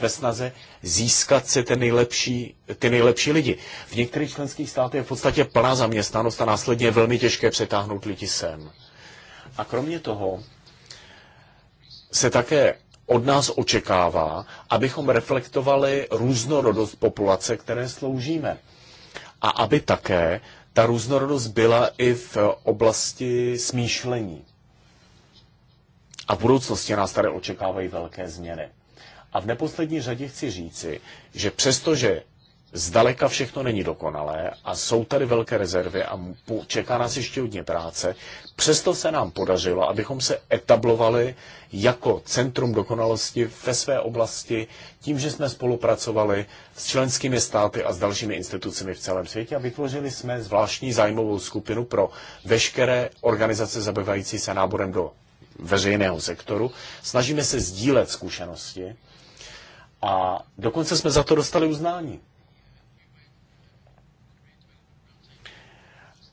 ve snaze získat se ty nejlepší, ty nejlepší lidi. V některých členských státech je v podstatě plná zaměstnanost a následně je velmi těžké přetáhnout lidi sem. A kromě toho se také od nás očekává, abychom reflektovali různorodost populace, které sloužíme. A aby také ta různorodost byla i v oblasti smýšlení. A v budoucnosti nás tady očekávají velké změny. A v neposlední řadě chci říci, že přestože Zdaleka všechno není dokonalé a jsou tady velké rezervy a čeká nás ještě hodně práce. Přesto se nám podařilo, abychom se etablovali jako centrum dokonalosti ve své oblasti tím, že jsme spolupracovali s členskými státy a s dalšími institucemi v celém světě a vytvořili jsme zvláštní zájmovou skupinu pro veškeré organizace zabývající se náborem do veřejného sektoru. Snažíme se sdílet zkušenosti a dokonce jsme za to dostali uznání.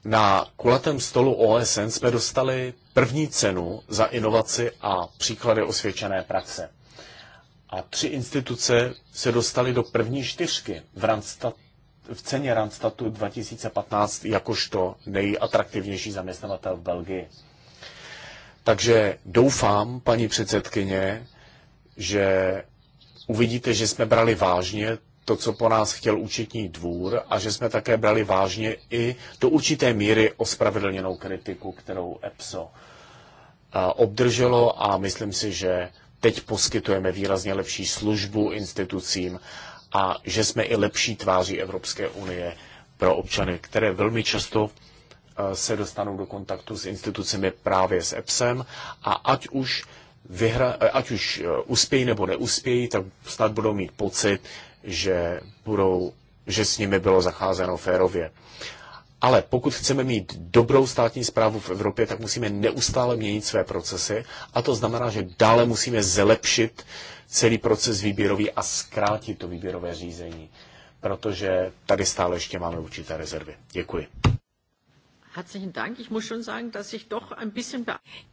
Na kulatém stolu OSN jsme dostali první cenu za inovaci a příklady osvědčené praxe. A tři instituce se dostaly do první čtyřky v, Randstat, v ceně Randstatu 2015 jakožto nejatraktivnější zaměstnavatel v Belgii. Takže doufám, paní předsedkyně, že uvidíte, že jsme brali vážně to, co po nás chtěl účetní dvůr a že jsme také brali vážně i do určité míry ospravedlněnou kritiku, kterou EPSO eh, obdrželo a myslím si, že teď poskytujeme výrazně lepší službu institucím a že jsme i lepší tváří Evropské unie pro občany, které velmi často eh, se dostanou do kontaktu s institucemi právě s EPSem a ať už, vyhra, eh, ať už uspějí nebo neuspějí, tak snad budou mít pocit, že, budou, že s nimi bylo zacházeno férově. Ale pokud chceme mít dobrou státní zprávu v Evropě, tak musíme neustále měnit své procesy a to znamená, že dále musíme zlepšit celý proces výběrový a zkrátit to výběrové řízení, protože tady stále ještě máme určité rezervy. Děkuji.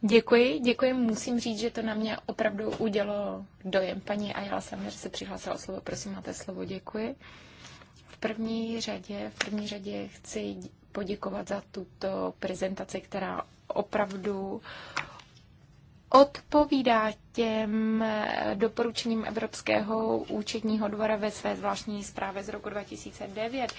Děkuji, děkuji. Musím říct, že to na mě opravdu udělalo dojem. Paní Ayala Samir se přihlásila o slovo. Prosím, máte slovo. Děkuji. V první řadě, v první řadě chci poděkovat za tuto prezentaci, která opravdu odpovídá těm eh, doporučením Evropského účetního dvora ve své zvláštní zprávě z roku 2009.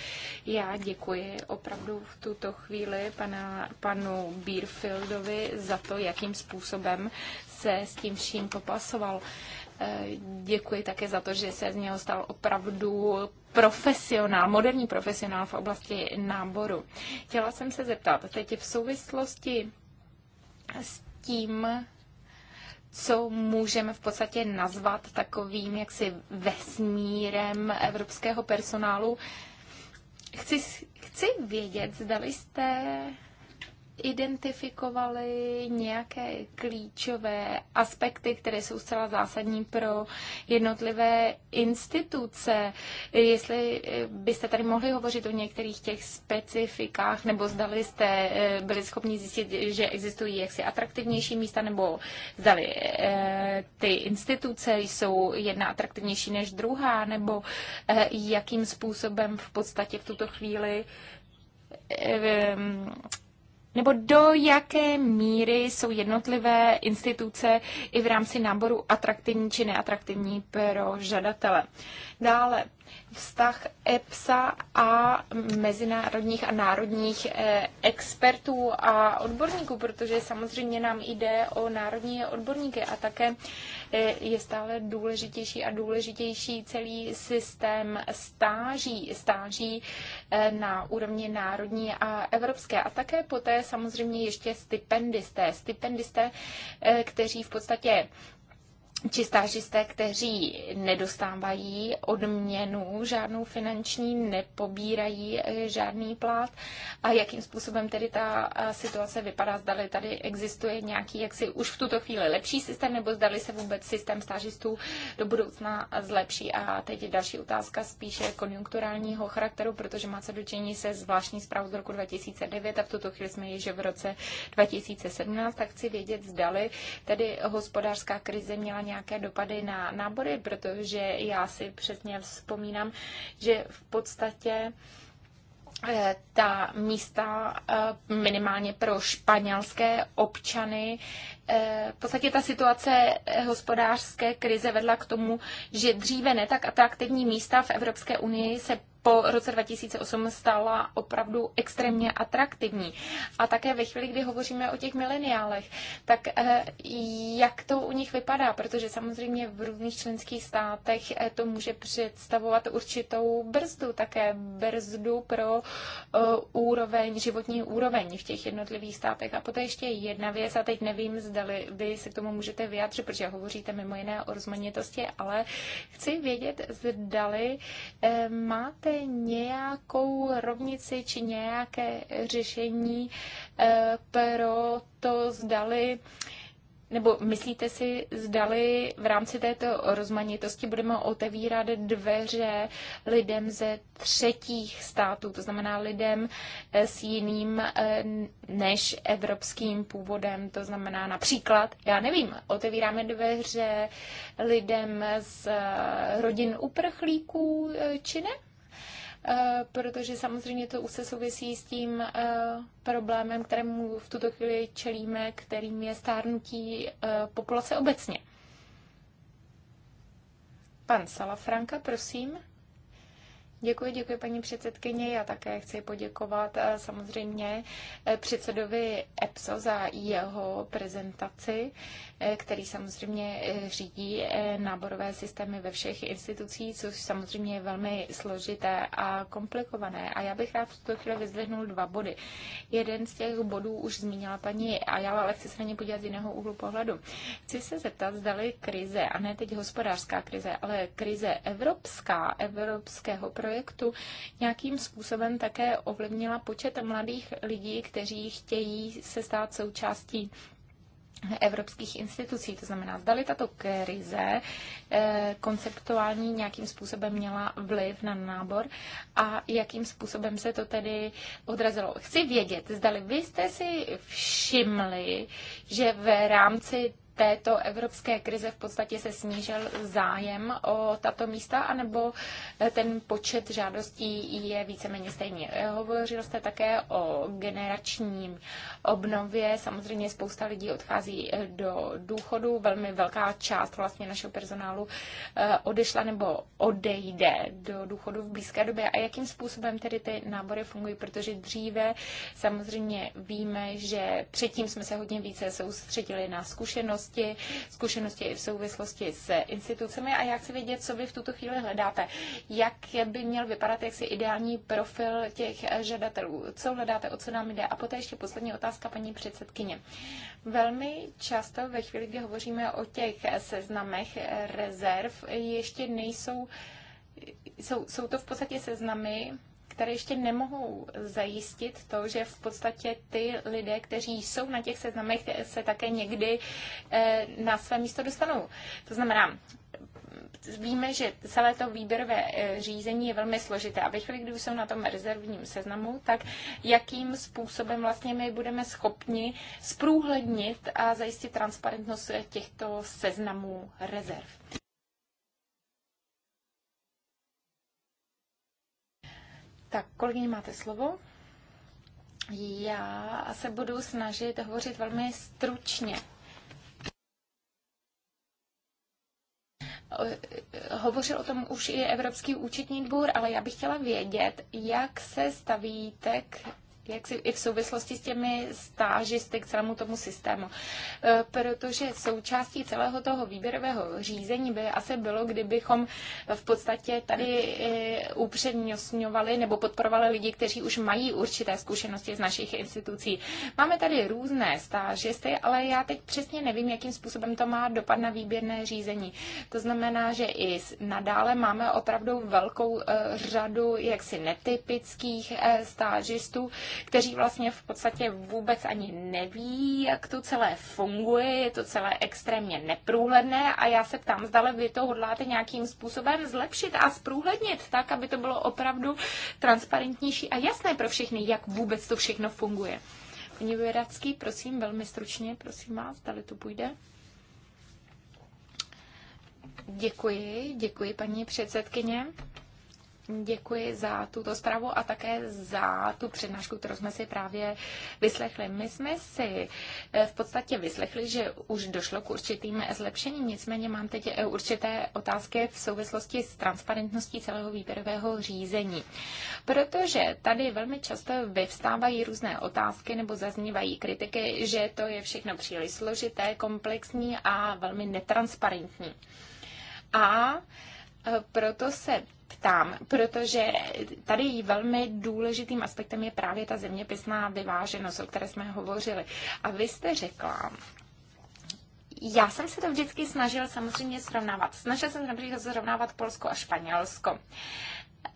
Já děkuji opravdu v tuto chvíli pana, panu Bierfieldovi za to, jakým způsobem se s tím vším popasoval. Eh, děkuji také za to, že se z něho stal opravdu profesionál, moderní profesionál v oblasti náboru. Chtěla jsem se zeptat, teď v souvislosti s tím, co můžeme v podstatě nazvat takovým jaksi vesmírem evropského personálu. Chci, chci vědět, zdali jste identifikovali nějaké klíčové aspekty, které jsou zcela zásadní pro jednotlivé instituce. Jestli eh, byste tady mohli hovořit o některých těch specifikách, nebo zdali jste eh, byli schopni zjistit, že existují jaksi atraktivnější místa, nebo zdali eh, ty instituce jsou jedna atraktivnější než druhá, nebo jakým způsobem v podstatě v tuto chvíli nebo do jaké míry jsou jednotlivé instituce i v rámci náboru atraktivní či neatraktivní pro žadatele. Dále vztah EPSA a mezinárodních a národních eh, expertů a odborníků, protože samozřejmě nám jde o národní odborníky a také eh, je stále důležitější a důležitější celý systém stáží, stáží eh, na úrovni národní a evropské. A také poté samozřejmě ještě stipendisté, stipendisté, kteří v podstatě či stážisté, kteří nedostávají odměnu žádnou finanční, nepobírají eh, žádný plat a jakým způsobem tedy ta eh, situace vypadá, zdali tady existuje nějaký jaksi už v tuto chvíli lepší systém, nebo zdali se vůbec systém stážistů do budoucna zlepší. A teď je další otázka spíše konjunkturálního charakteru, protože má se dočení se zvláštní zprávou z roku 2009 a v tuto chvíli jsme již v roce 2017, tak chci vědět, zdali tedy hospodářská krize měla nějaký nějaké dopady na nábory, protože já si přesně vzpomínám, že v podstatě eh, ta místa eh, minimálně pro španělské občany. Eh, v podstatě ta situace hospodářské krize vedla k tomu, že dříve ne tak atraktivní místa v Evropské unii se po roce 2008 stala opravdu extrémně atraktivní. A také ve chvíli, kdy hovoříme o těch mileniálech, tak eh, jak to u nich vypadá? Protože samozřejmě v různých členských státech eh, to může představovat určitou brzdu, také brzdu pro eh, úroveň, životní úroveň v těch jednotlivých státech. A poté ještě jedna věc, a teď nevím, zda vy se k tomu můžete vyjádřit, protože hovoříte mimo jiné o rozmanitosti, ale chci vědět, zdali máte máte nějakou rovnici či nějaké řešení eh, pro to, zdali nebo myslíte si, zdali v rámci této rozmanitosti budeme otevírat dveře lidem ze třetích států, to znamená lidem eh, s jiným eh, než evropským původem, to znamená například, já nevím, otevíráme dveře lidem z rodin uprchlíků či ne? Eh, protože samozřejmě to už se souvisí s tím eh, problémem, kterému v tuto chvíli čelíme, kterým je stárnutí eh, populace obecně. Pan Salafranka, prosím. Děkuji, děkuji paní předsedkyně. Já také chci poděkovat eh, samozřejmě eh, předsedovi EPSO za jeho prezentaci, eh, který samozřejmě řídí náborové systémy ve všech institucích, což samozřejmě je velmi složité a komplikované. A já bych rád v tuto chvíli vyzvihnul dva body. Jeden z těch bodů už zmínila paní a já ale chci se na ně podívat z jiného úhlu pohledu. Chci se zeptat, zdali krize, a ne teď hospodářská krize, ale krize evropská, evropského projektu, projektu nějakým způsobem také ovlivnila počet mladých lidí, kteří chtějí se stát součástí evropských institucí. To znamená, zdali tato krize eh, konceptuální nějakým způsobem měla vliv na nábor a jakým způsobem se to tedy odrazilo. Chci vědět, zdali vy jste si všimli, že v rámci této evropské krize v podstatě se snížil zájem o tato místa, anebo eh, ten počet žádostí je víceméně stejný. Eh, hovořil jste také o generačním obnově. Samozřejmě spousta lidí odchází eh, do důchodu. Velmi velká část vlastně našeho personálu odešla nebo odejde do důchodu v blízké době. A jakým způsobem tedy ty nábory fungují? Protože dříve samozřejmě víme, že předtím jsme se hodně více soustředili na zkušenost zkušenosti, zkušenosti i v souvislosti s institucemi a já chci vědět, co vy v tuto chvíli hledáte. Jak by měl vypadat jaksi ideální profil těch žadatelů? Co hledáte, o co nám jde? A poté ještě poslední otázka paní předsedkyně. Velmi často ve chvíli, kdy hovoříme o těch seznamech rezerv, ještě nejsou, jsou, jsou to v podstatě seznamy, které ještě nemohou zajistit to, že v podstatě ty lidé, kteří jsou na těch seznamech, se také někdy eh, na své místo dostanou. To znamená, víme, že celé to výběrové eh, řízení je velmi složité. A ve chvíli, kdy už jsou na tom rezervním seznamu, tak jakým způsobem vlastně my budeme schopni zprůhlednit a zajistit transparentnost těchto seznamů rezerv. Tak, kolegyně, máte slovo. Já se budu snažit hovořit velmi stručně. Hovořil o tom už i Evropský účetní dvůr, ale já bych chtěla vědět, jak se stavíte k jak si i v souvislosti s těmi stážisty k celému tomu systému. E, protože součástí celého toho výběrového řízení by asi bylo, kdybychom v podstatě tady e, upřednostňovali nebo podporovali lidi, kteří už mají určité zkušenosti z našich institucí. Máme tady různé stážisty, ale já teď přesně nevím, jakým způsobem to má dopad na výběrné řízení. To znamená, že i nadále máme opravdu velkou e, řadu jaksi netypických stážistů, kteří vlastně v podstatě vůbec ani neví, jak to celé funguje, je to celé extrémně neprůhledné a já se ptám, zdali vy to hodláte nějakým způsobem zlepšit a zprůhlednit tak, aby to bylo opravdu transparentnější a jasné pro všechny, jak vůbec to všechno funguje. Paní Vyradský, prosím, velmi stručně, prosím vás, tady to půjde. Děkuji, děkuji paní předsedkyně děkuji za tuto zprávu a také za tu přednášku, kterou jsme si právě vyslechli. My jsme si eh, v podstatě vyslechli, že už došlo k určitým zlepšením, nicméně mám teď eh, určité otázky v souvislosti s transparentností celého výběrového řízení. Protože tady velmi často vyvstávají různé otázky nebo zaznívají kritiky, že to je všechno příliš složité, komplexní a velmi netransparentní. A eh, proto se ptám, protože tady velmi důležitým aspektem je právě ta zeměpisná vyváženost, o které jsme hovořili. A vy jste řekla, já jsem se to vždycky snažil samozřejmě srovnávat. Snažil jsem například srovnávat Polsko a Španělsko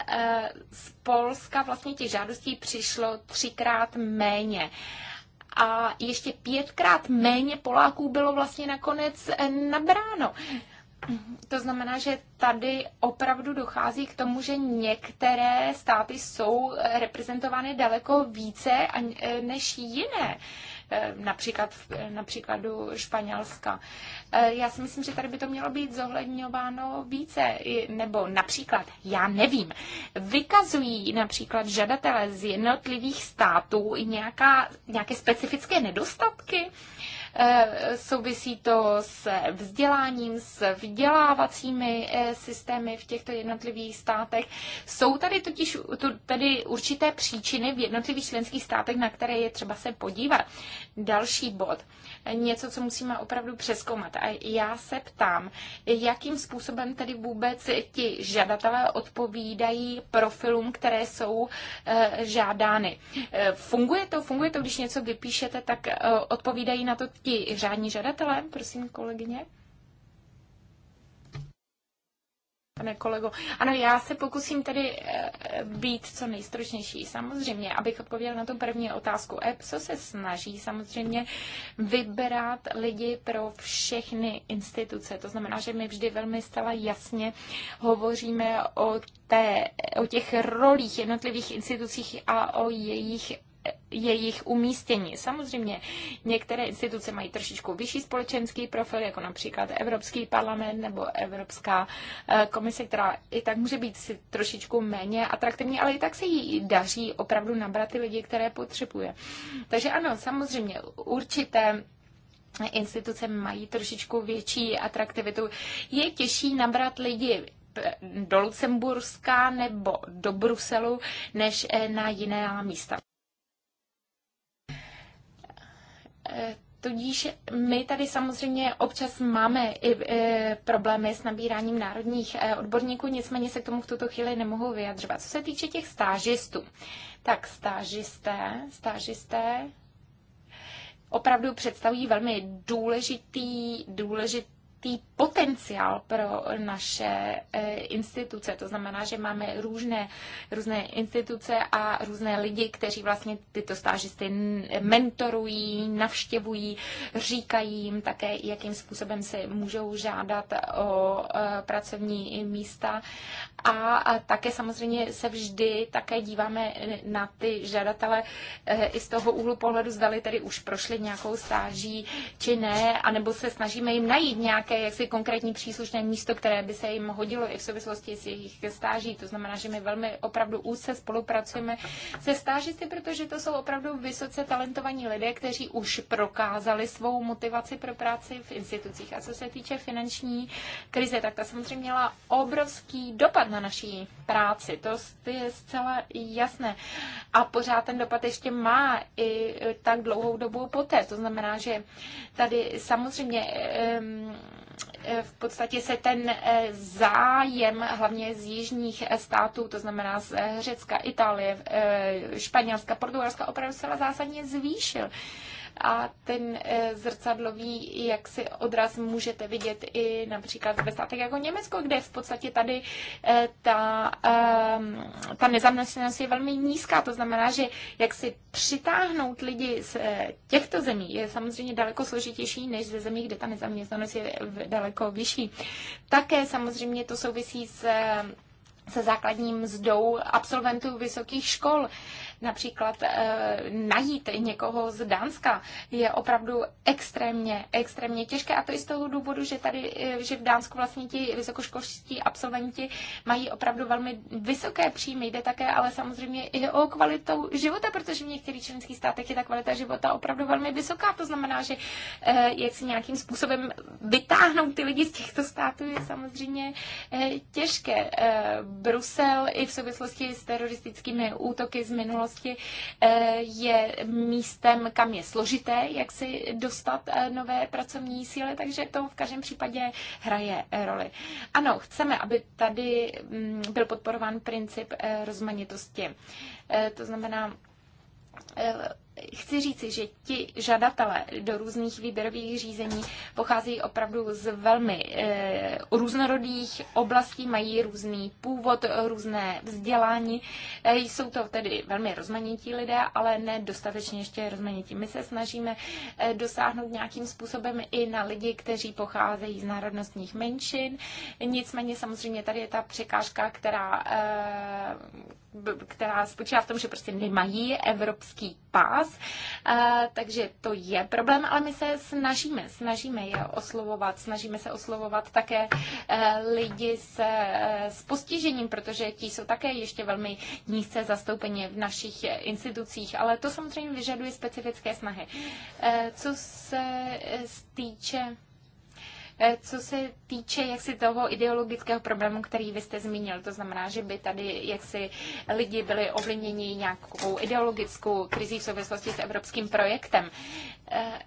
eh, z Polska vlastně těch žádostí přišlo třikrát méně. A ještě pětkrát méně Poláků bylo vlastně nakonec eh, nabráno. Mhm. To znamená, že tady opravdu dochází k tomu, že některé státy jsou eh, reprezentovány daleko více eh, než jiné eh, například na příkladu Španělska. Já si myslím, že tady by to mělo být zohledňováno více, nebo například, já nevím, vykazují například žadatele z jednotlivých států nějaká, nějaké specifické nedostatky, Eh, souvisí to s vzděláním, s vzdělávacími eh, systémy v těchto jednotlivých státech. Jsou tady totiž tady určité příčiny v jednotlivých členských státech, na které je třeba se podívat. Další bod něco, co musíme opravdu přeskoumat. A já se ptám, jakým způsobem tedy vůbec ti žadatelé odpovídají profilům, které jsou eh, žádány. Eh, funguje to? Funguje to, když něco vypíšete, tak eh, odpovídají na to ti řádní žadatelé? Prosím, kolegyně. pane kolego. Ano, já se pokusím tedy eh, být co nejstručnější. Samozřejmě, abych odpověděl na tu první otázku. EPSO se snaží samozřejmě vyberat lidi pro všechny instituce. To znamená, že my vždy velmi stala jasně hovoříme o té, o těch rolích jednotlivých institucích a o jejich jejich umístění. Samozřejmě některé instituce mají trošičku vyšší společenský profil, jako například Evropský parlament nebo Evropská eh, komise, která i tak může být si trošičku méně atraktivní, ale i tak se jí daří opravdu nabrat ty lidi, které potřebuje. Takže ano, samozřejmě určité instituce mají trošičku větší atraktivitu. Je těžší nabrat lidi eh, do Lucemburska nebo do Bruselu než eh, na jiná místa. E, tudíž my tady samozřejmě občas máme i e, problémy s nabíráním národních e, odborníků, nicméně se k tomu v tuto chvíli nemohu vyjadřovat. Co se týče těch stážistů, tak stážisté, stážisté opravdu představují velmi důležitý, důležitý tý potenciál pro naše e, instituce. To znamená, že máme různé, různé instituce a různé lidi, kteří vlastně tyto stážisty mentorují, navštěvují, říkají jim také, jakým způsobem se můžou žádat o e, pracovní místa. A také samozřejmě se vždy také díváme na ty žadatele e, i z toho úhlu pohledu, zdali tedy už prošli nějakou stáží či ne, anebo se snažíme jim najít nějaké také jaksi konkrétní příslušné místo, které by se jim hodilo i v souvislosti s jejich stáží. To znamená, že my velmi opravdu úzce spolupracujeme se stážisty, protože to jsou opravdu vysoce talentovaní lidé, kteří už prokázali svou motivaci pro práci v institucích. A co se týče finanční krize, tak ta samozřejmě měla obrovský dopad na naší práci. To je zcela jasné. A pořád ten dopad ještě má i tak dlouhou dobu poté. To znamená, že tady samozřejmě E, v podstatě se ten e, zájem hlavně z jižních e, států, to znamená z Řecka, Itálie, Španělska, Portugalska, opravdu zcela zásadně zvýšil a ten eh, zrcadlový jaksi odraz můžete vidět i například ve státech jako Německo, kde v podstatě tady eh, ta, ehm, ta nezaměstnanost je velmi nízká. To znamená, že jak si přitáhnout lidi z eh, těchto zemí je samozřejmě daleko složitější než ze zemí, kde ta nezaměstnanost je daleko vyšší. Také samozřejmě to souvisí s se základním mzdou absolventů vysokých škol například eh, najít někoho z Dánska je opravdu extrémně, extrémně těžké a to i z toho důvodu, že tady, eh, že v Dánsku vlastně ti vysokoškolští absolventi mají opravdu velmi vysoké příjmy, jde také ale samozřejmě i o kvalitu života, protože v některých členských státech je ta kvalita života opravdu velmi vysoká, to znamená, že eh, jak si nějakým způsobem vytáhnout ty lidi z těchto států je samozřejmě těžké. Brusel i v souvislosti s teroristickými útoky z minulosti minulosti eh, je místem, kam je složité, jak si dostat eh, nové pracovní síly, takže to v každém případě hraje roli. Ano, chceme, aby tady mm, byl podporován princip eh, rozmanitosti. To znamená, chci říci, že ti žadatelé do různých výběrových řízení pocházejí opravdu z velmi e, různorodých oblastí, mají různý původ, různé vzdělání. E, jsou to tedy velmi rozmanití lidé, ale ne dostatečně ještě rozmanití. My se snažíme e, dosáhnout nějakým způsobem i na lidi, kteří pocházejí z národnostních menšin. Nicméně samozřejmě tady je ta překážka, která, e, která spočívá v tom, že prostě nemají evropský pás Uh, takže to je problém, ale my se snažíme, snažíme je oslovovat, snažíme se oslovovat také e, lidi s, e, s postižením, protože ti jsou také ještě velmi nízce zastoupeni v našich institucích, ale to samozřejmě vyžaduje specifické snahy. E, co se týče Eh, co se týče jaksi toho ideologického problému, který vy jste zmínil, to znamená, že by tady jaksi lidi byli ovlivněni nějakou ideologickou krizí v souvislosti s evropským projektem eh,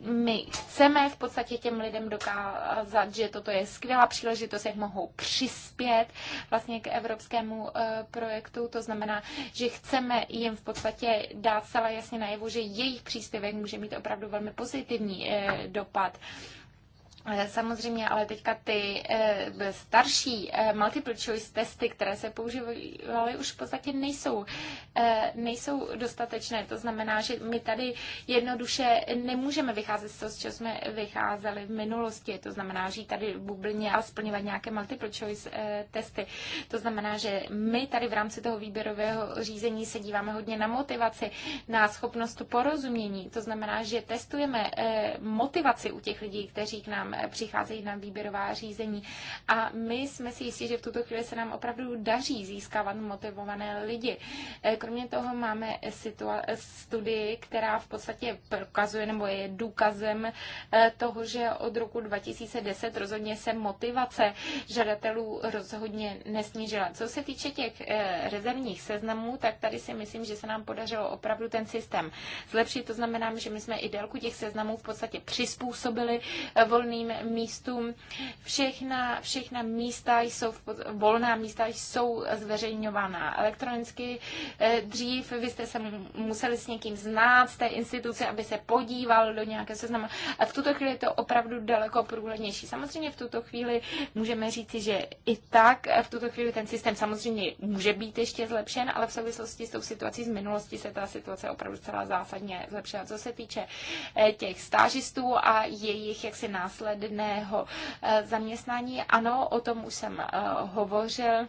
my chceme v podstatě těm lidem dokázat, že toto je skvělá příležitost, jak mohou přispět vlastně k evropskému eh, projektu. To znamená, že chceme jim v podstatě dát celé jasně najevo, že jejich příspěvek může mít opravdu velmi pozitivní dopad Samozřejmě, ale teďka ty eh, starší eh, multiple choice testy, které se používaly, už v podstatě nejsou, eh, nejsou dostatečné. To znamená, že my tady jednoduše nemůžeme vycházet z toho, z čeho jsme vycházeli v minulosti. To znamená, že tady v bublině a splňovat nějaké multiple choice testy. To znamená, že my tady v rámci toho výběrového řízení se díváme hodně na motivaci, na schopnost porozumění. To znamená, že testujeme motivaci u těch lidí, kteří k nám přicházejí na výběrová řízení. A my jsme si jistí, že v tuto chvíli se nám opravdu daří získávat motivované lidi. E, kromě toho máme studii, která v podstatě prokazuje nebo je důkazem e, toho, že od roku 2010 rozhodně se motivace žadatelů rozhodně nesnížila. Co se týče těch e, rezervních seznamů, tak tady si myslím, že se nám podařilo opravdu ten systém zlepšit. To znamená, že my jsme i délku těch seznamů v podstatě přizpůsobili volným pracovním místům. Všechna, všechna místa jsou, volná místa jsou zveřejňována elektronicky. Eh, dřív vy jste se museli s někým znát z té instituce, aby se podíval do nějakého seznamu. A v tuto chvíli je to opravdu daleko průhlednější. Samozřejmě v tuto chvíli můžeme říci, že i tak eh, v tuto chvíli ten systém samozřejmě může být ještě zlepšen, ale v souvislosti s tou situací z minulosti se ta situace opravdu celá zásadně zlepšila. Co se týče eh, těch stážistů a jejich jaksi následků, řádného eh, zaměstnání. Ano, o tom už jsem eh, hovořil.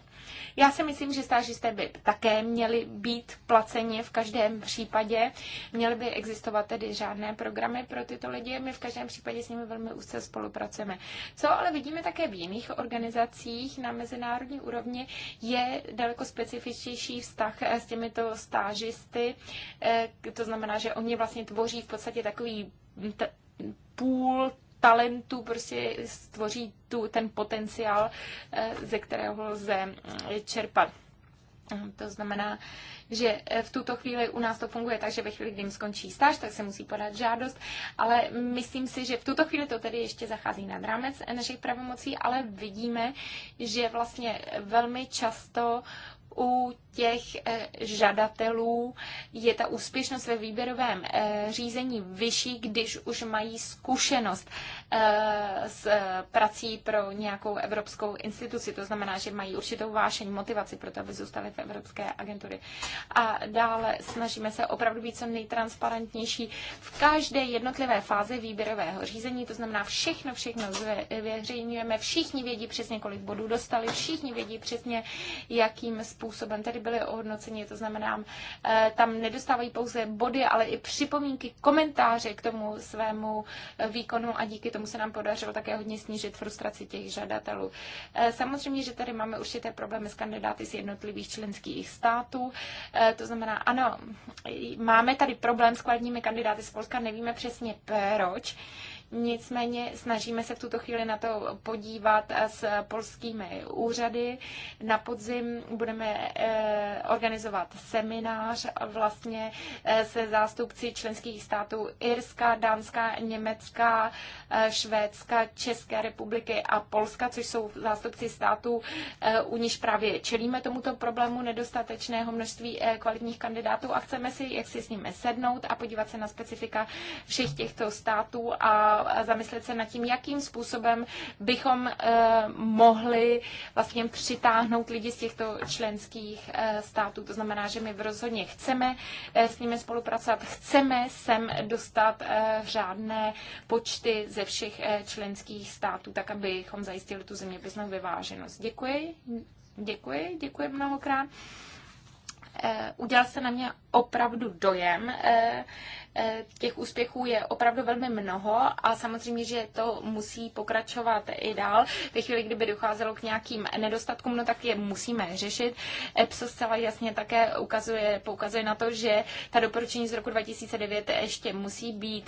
Já si myslím, že stážisté by také měli být placeni v každém případě. Měly by existovat tedy žádné programy pro tyto lidi. My v každém případě s nimi velmi úzce spolupracujeme. Co ale vidíme také v jiných organizacích na mezinárodní úrovni, je daleko specifičtější vztah eh, s těmito stážisty. To znamená, že oni vlastně tvoří v podstatě takový půl talentu prostě stvoří tu, ten potenciál, eh, ze kterého lze mm, čerpat. Hm, to znamená, že eh, v tuto chvíli u nás to funguje tak, že ve chvíli, kdy jim skončí stáž, tak se musí podat žádost, ale myslím si, že v tuto chvíli to tedy ještě zachází nad rámec našich pravomocí, ale vidíme, že vlastně velmi často u těch eh, žadatelů je ta úspěšnost ve výběrovém eh, řízení vyšší, když už mají zkušenost eh, s prací pro nějakou evropskou instituci. To znamená, že mají určitou vášeň, motivaci pro to, aby zůstali v Evropské agentury. A dále snažíme se opravdu být co nejtransparentnější v každé jednotlivé fázi výběrového řízení. To znamená, všechno, všechno zveřejňujeme, všichni vědí přesně, kolik bodů dostali, všichni vědí přesně, jakým způsobem způsobem tedy byli ohodnoceni. To znamená, eh, tam nedostávají pouze body, ale i připomínky, komentáře k tomu svému eh, výkonu a díky tomu se nám podařilo také hodně snížit frustraci těch žadatelů. Eh, samozřejmě, že tady máme určité problémy s kandidáty z jednotlivých členských států. To znamená, ano, máme tady problém s kvalitními kandidáty z Polska, nevíme přesně proč. Nicméně snažíme se v tuto chvíli na to podívat eh, s polskými úřady. Na podzim budeme eh, organizovat seminář vlastně eh, se zástupci členských států Irska, Dánska, Německa, Švédska, České republiky a Polska, což jsou zástupci států, u níž právě čelíme tomuto problému nedostatečného množství kvalitních kandidátů a chceme si, jak si s nimi sednout a podívat se na specifika všech těchto států a a zamyslet se nad tím, jakým způsobem bychom eh, mohli vlastně přitáhnout lidi z těchto členských eh, států. To znamená, že my v rozhodně chceme eh, s nimi spolupracovat, chceme sem dostat řádné počty ze všech členských států, tak abychom zajistili tu zeměpisnou vyváženost. Děkuji, děkuji, děkuji mnohokrát udělal se na mě opravdu dojem Eh, těch úspěchů je opravdu velmi mnoho a samozřejmě, že to musí pokračovat i dál. Ve chvíli, kdyby docházelo k nějakým nedostatkům, no tak je musíme řešit. EPSO zcela jasně také ukazuje, poukazuje na to, že ta doporučení z roku 2009 ještě musí být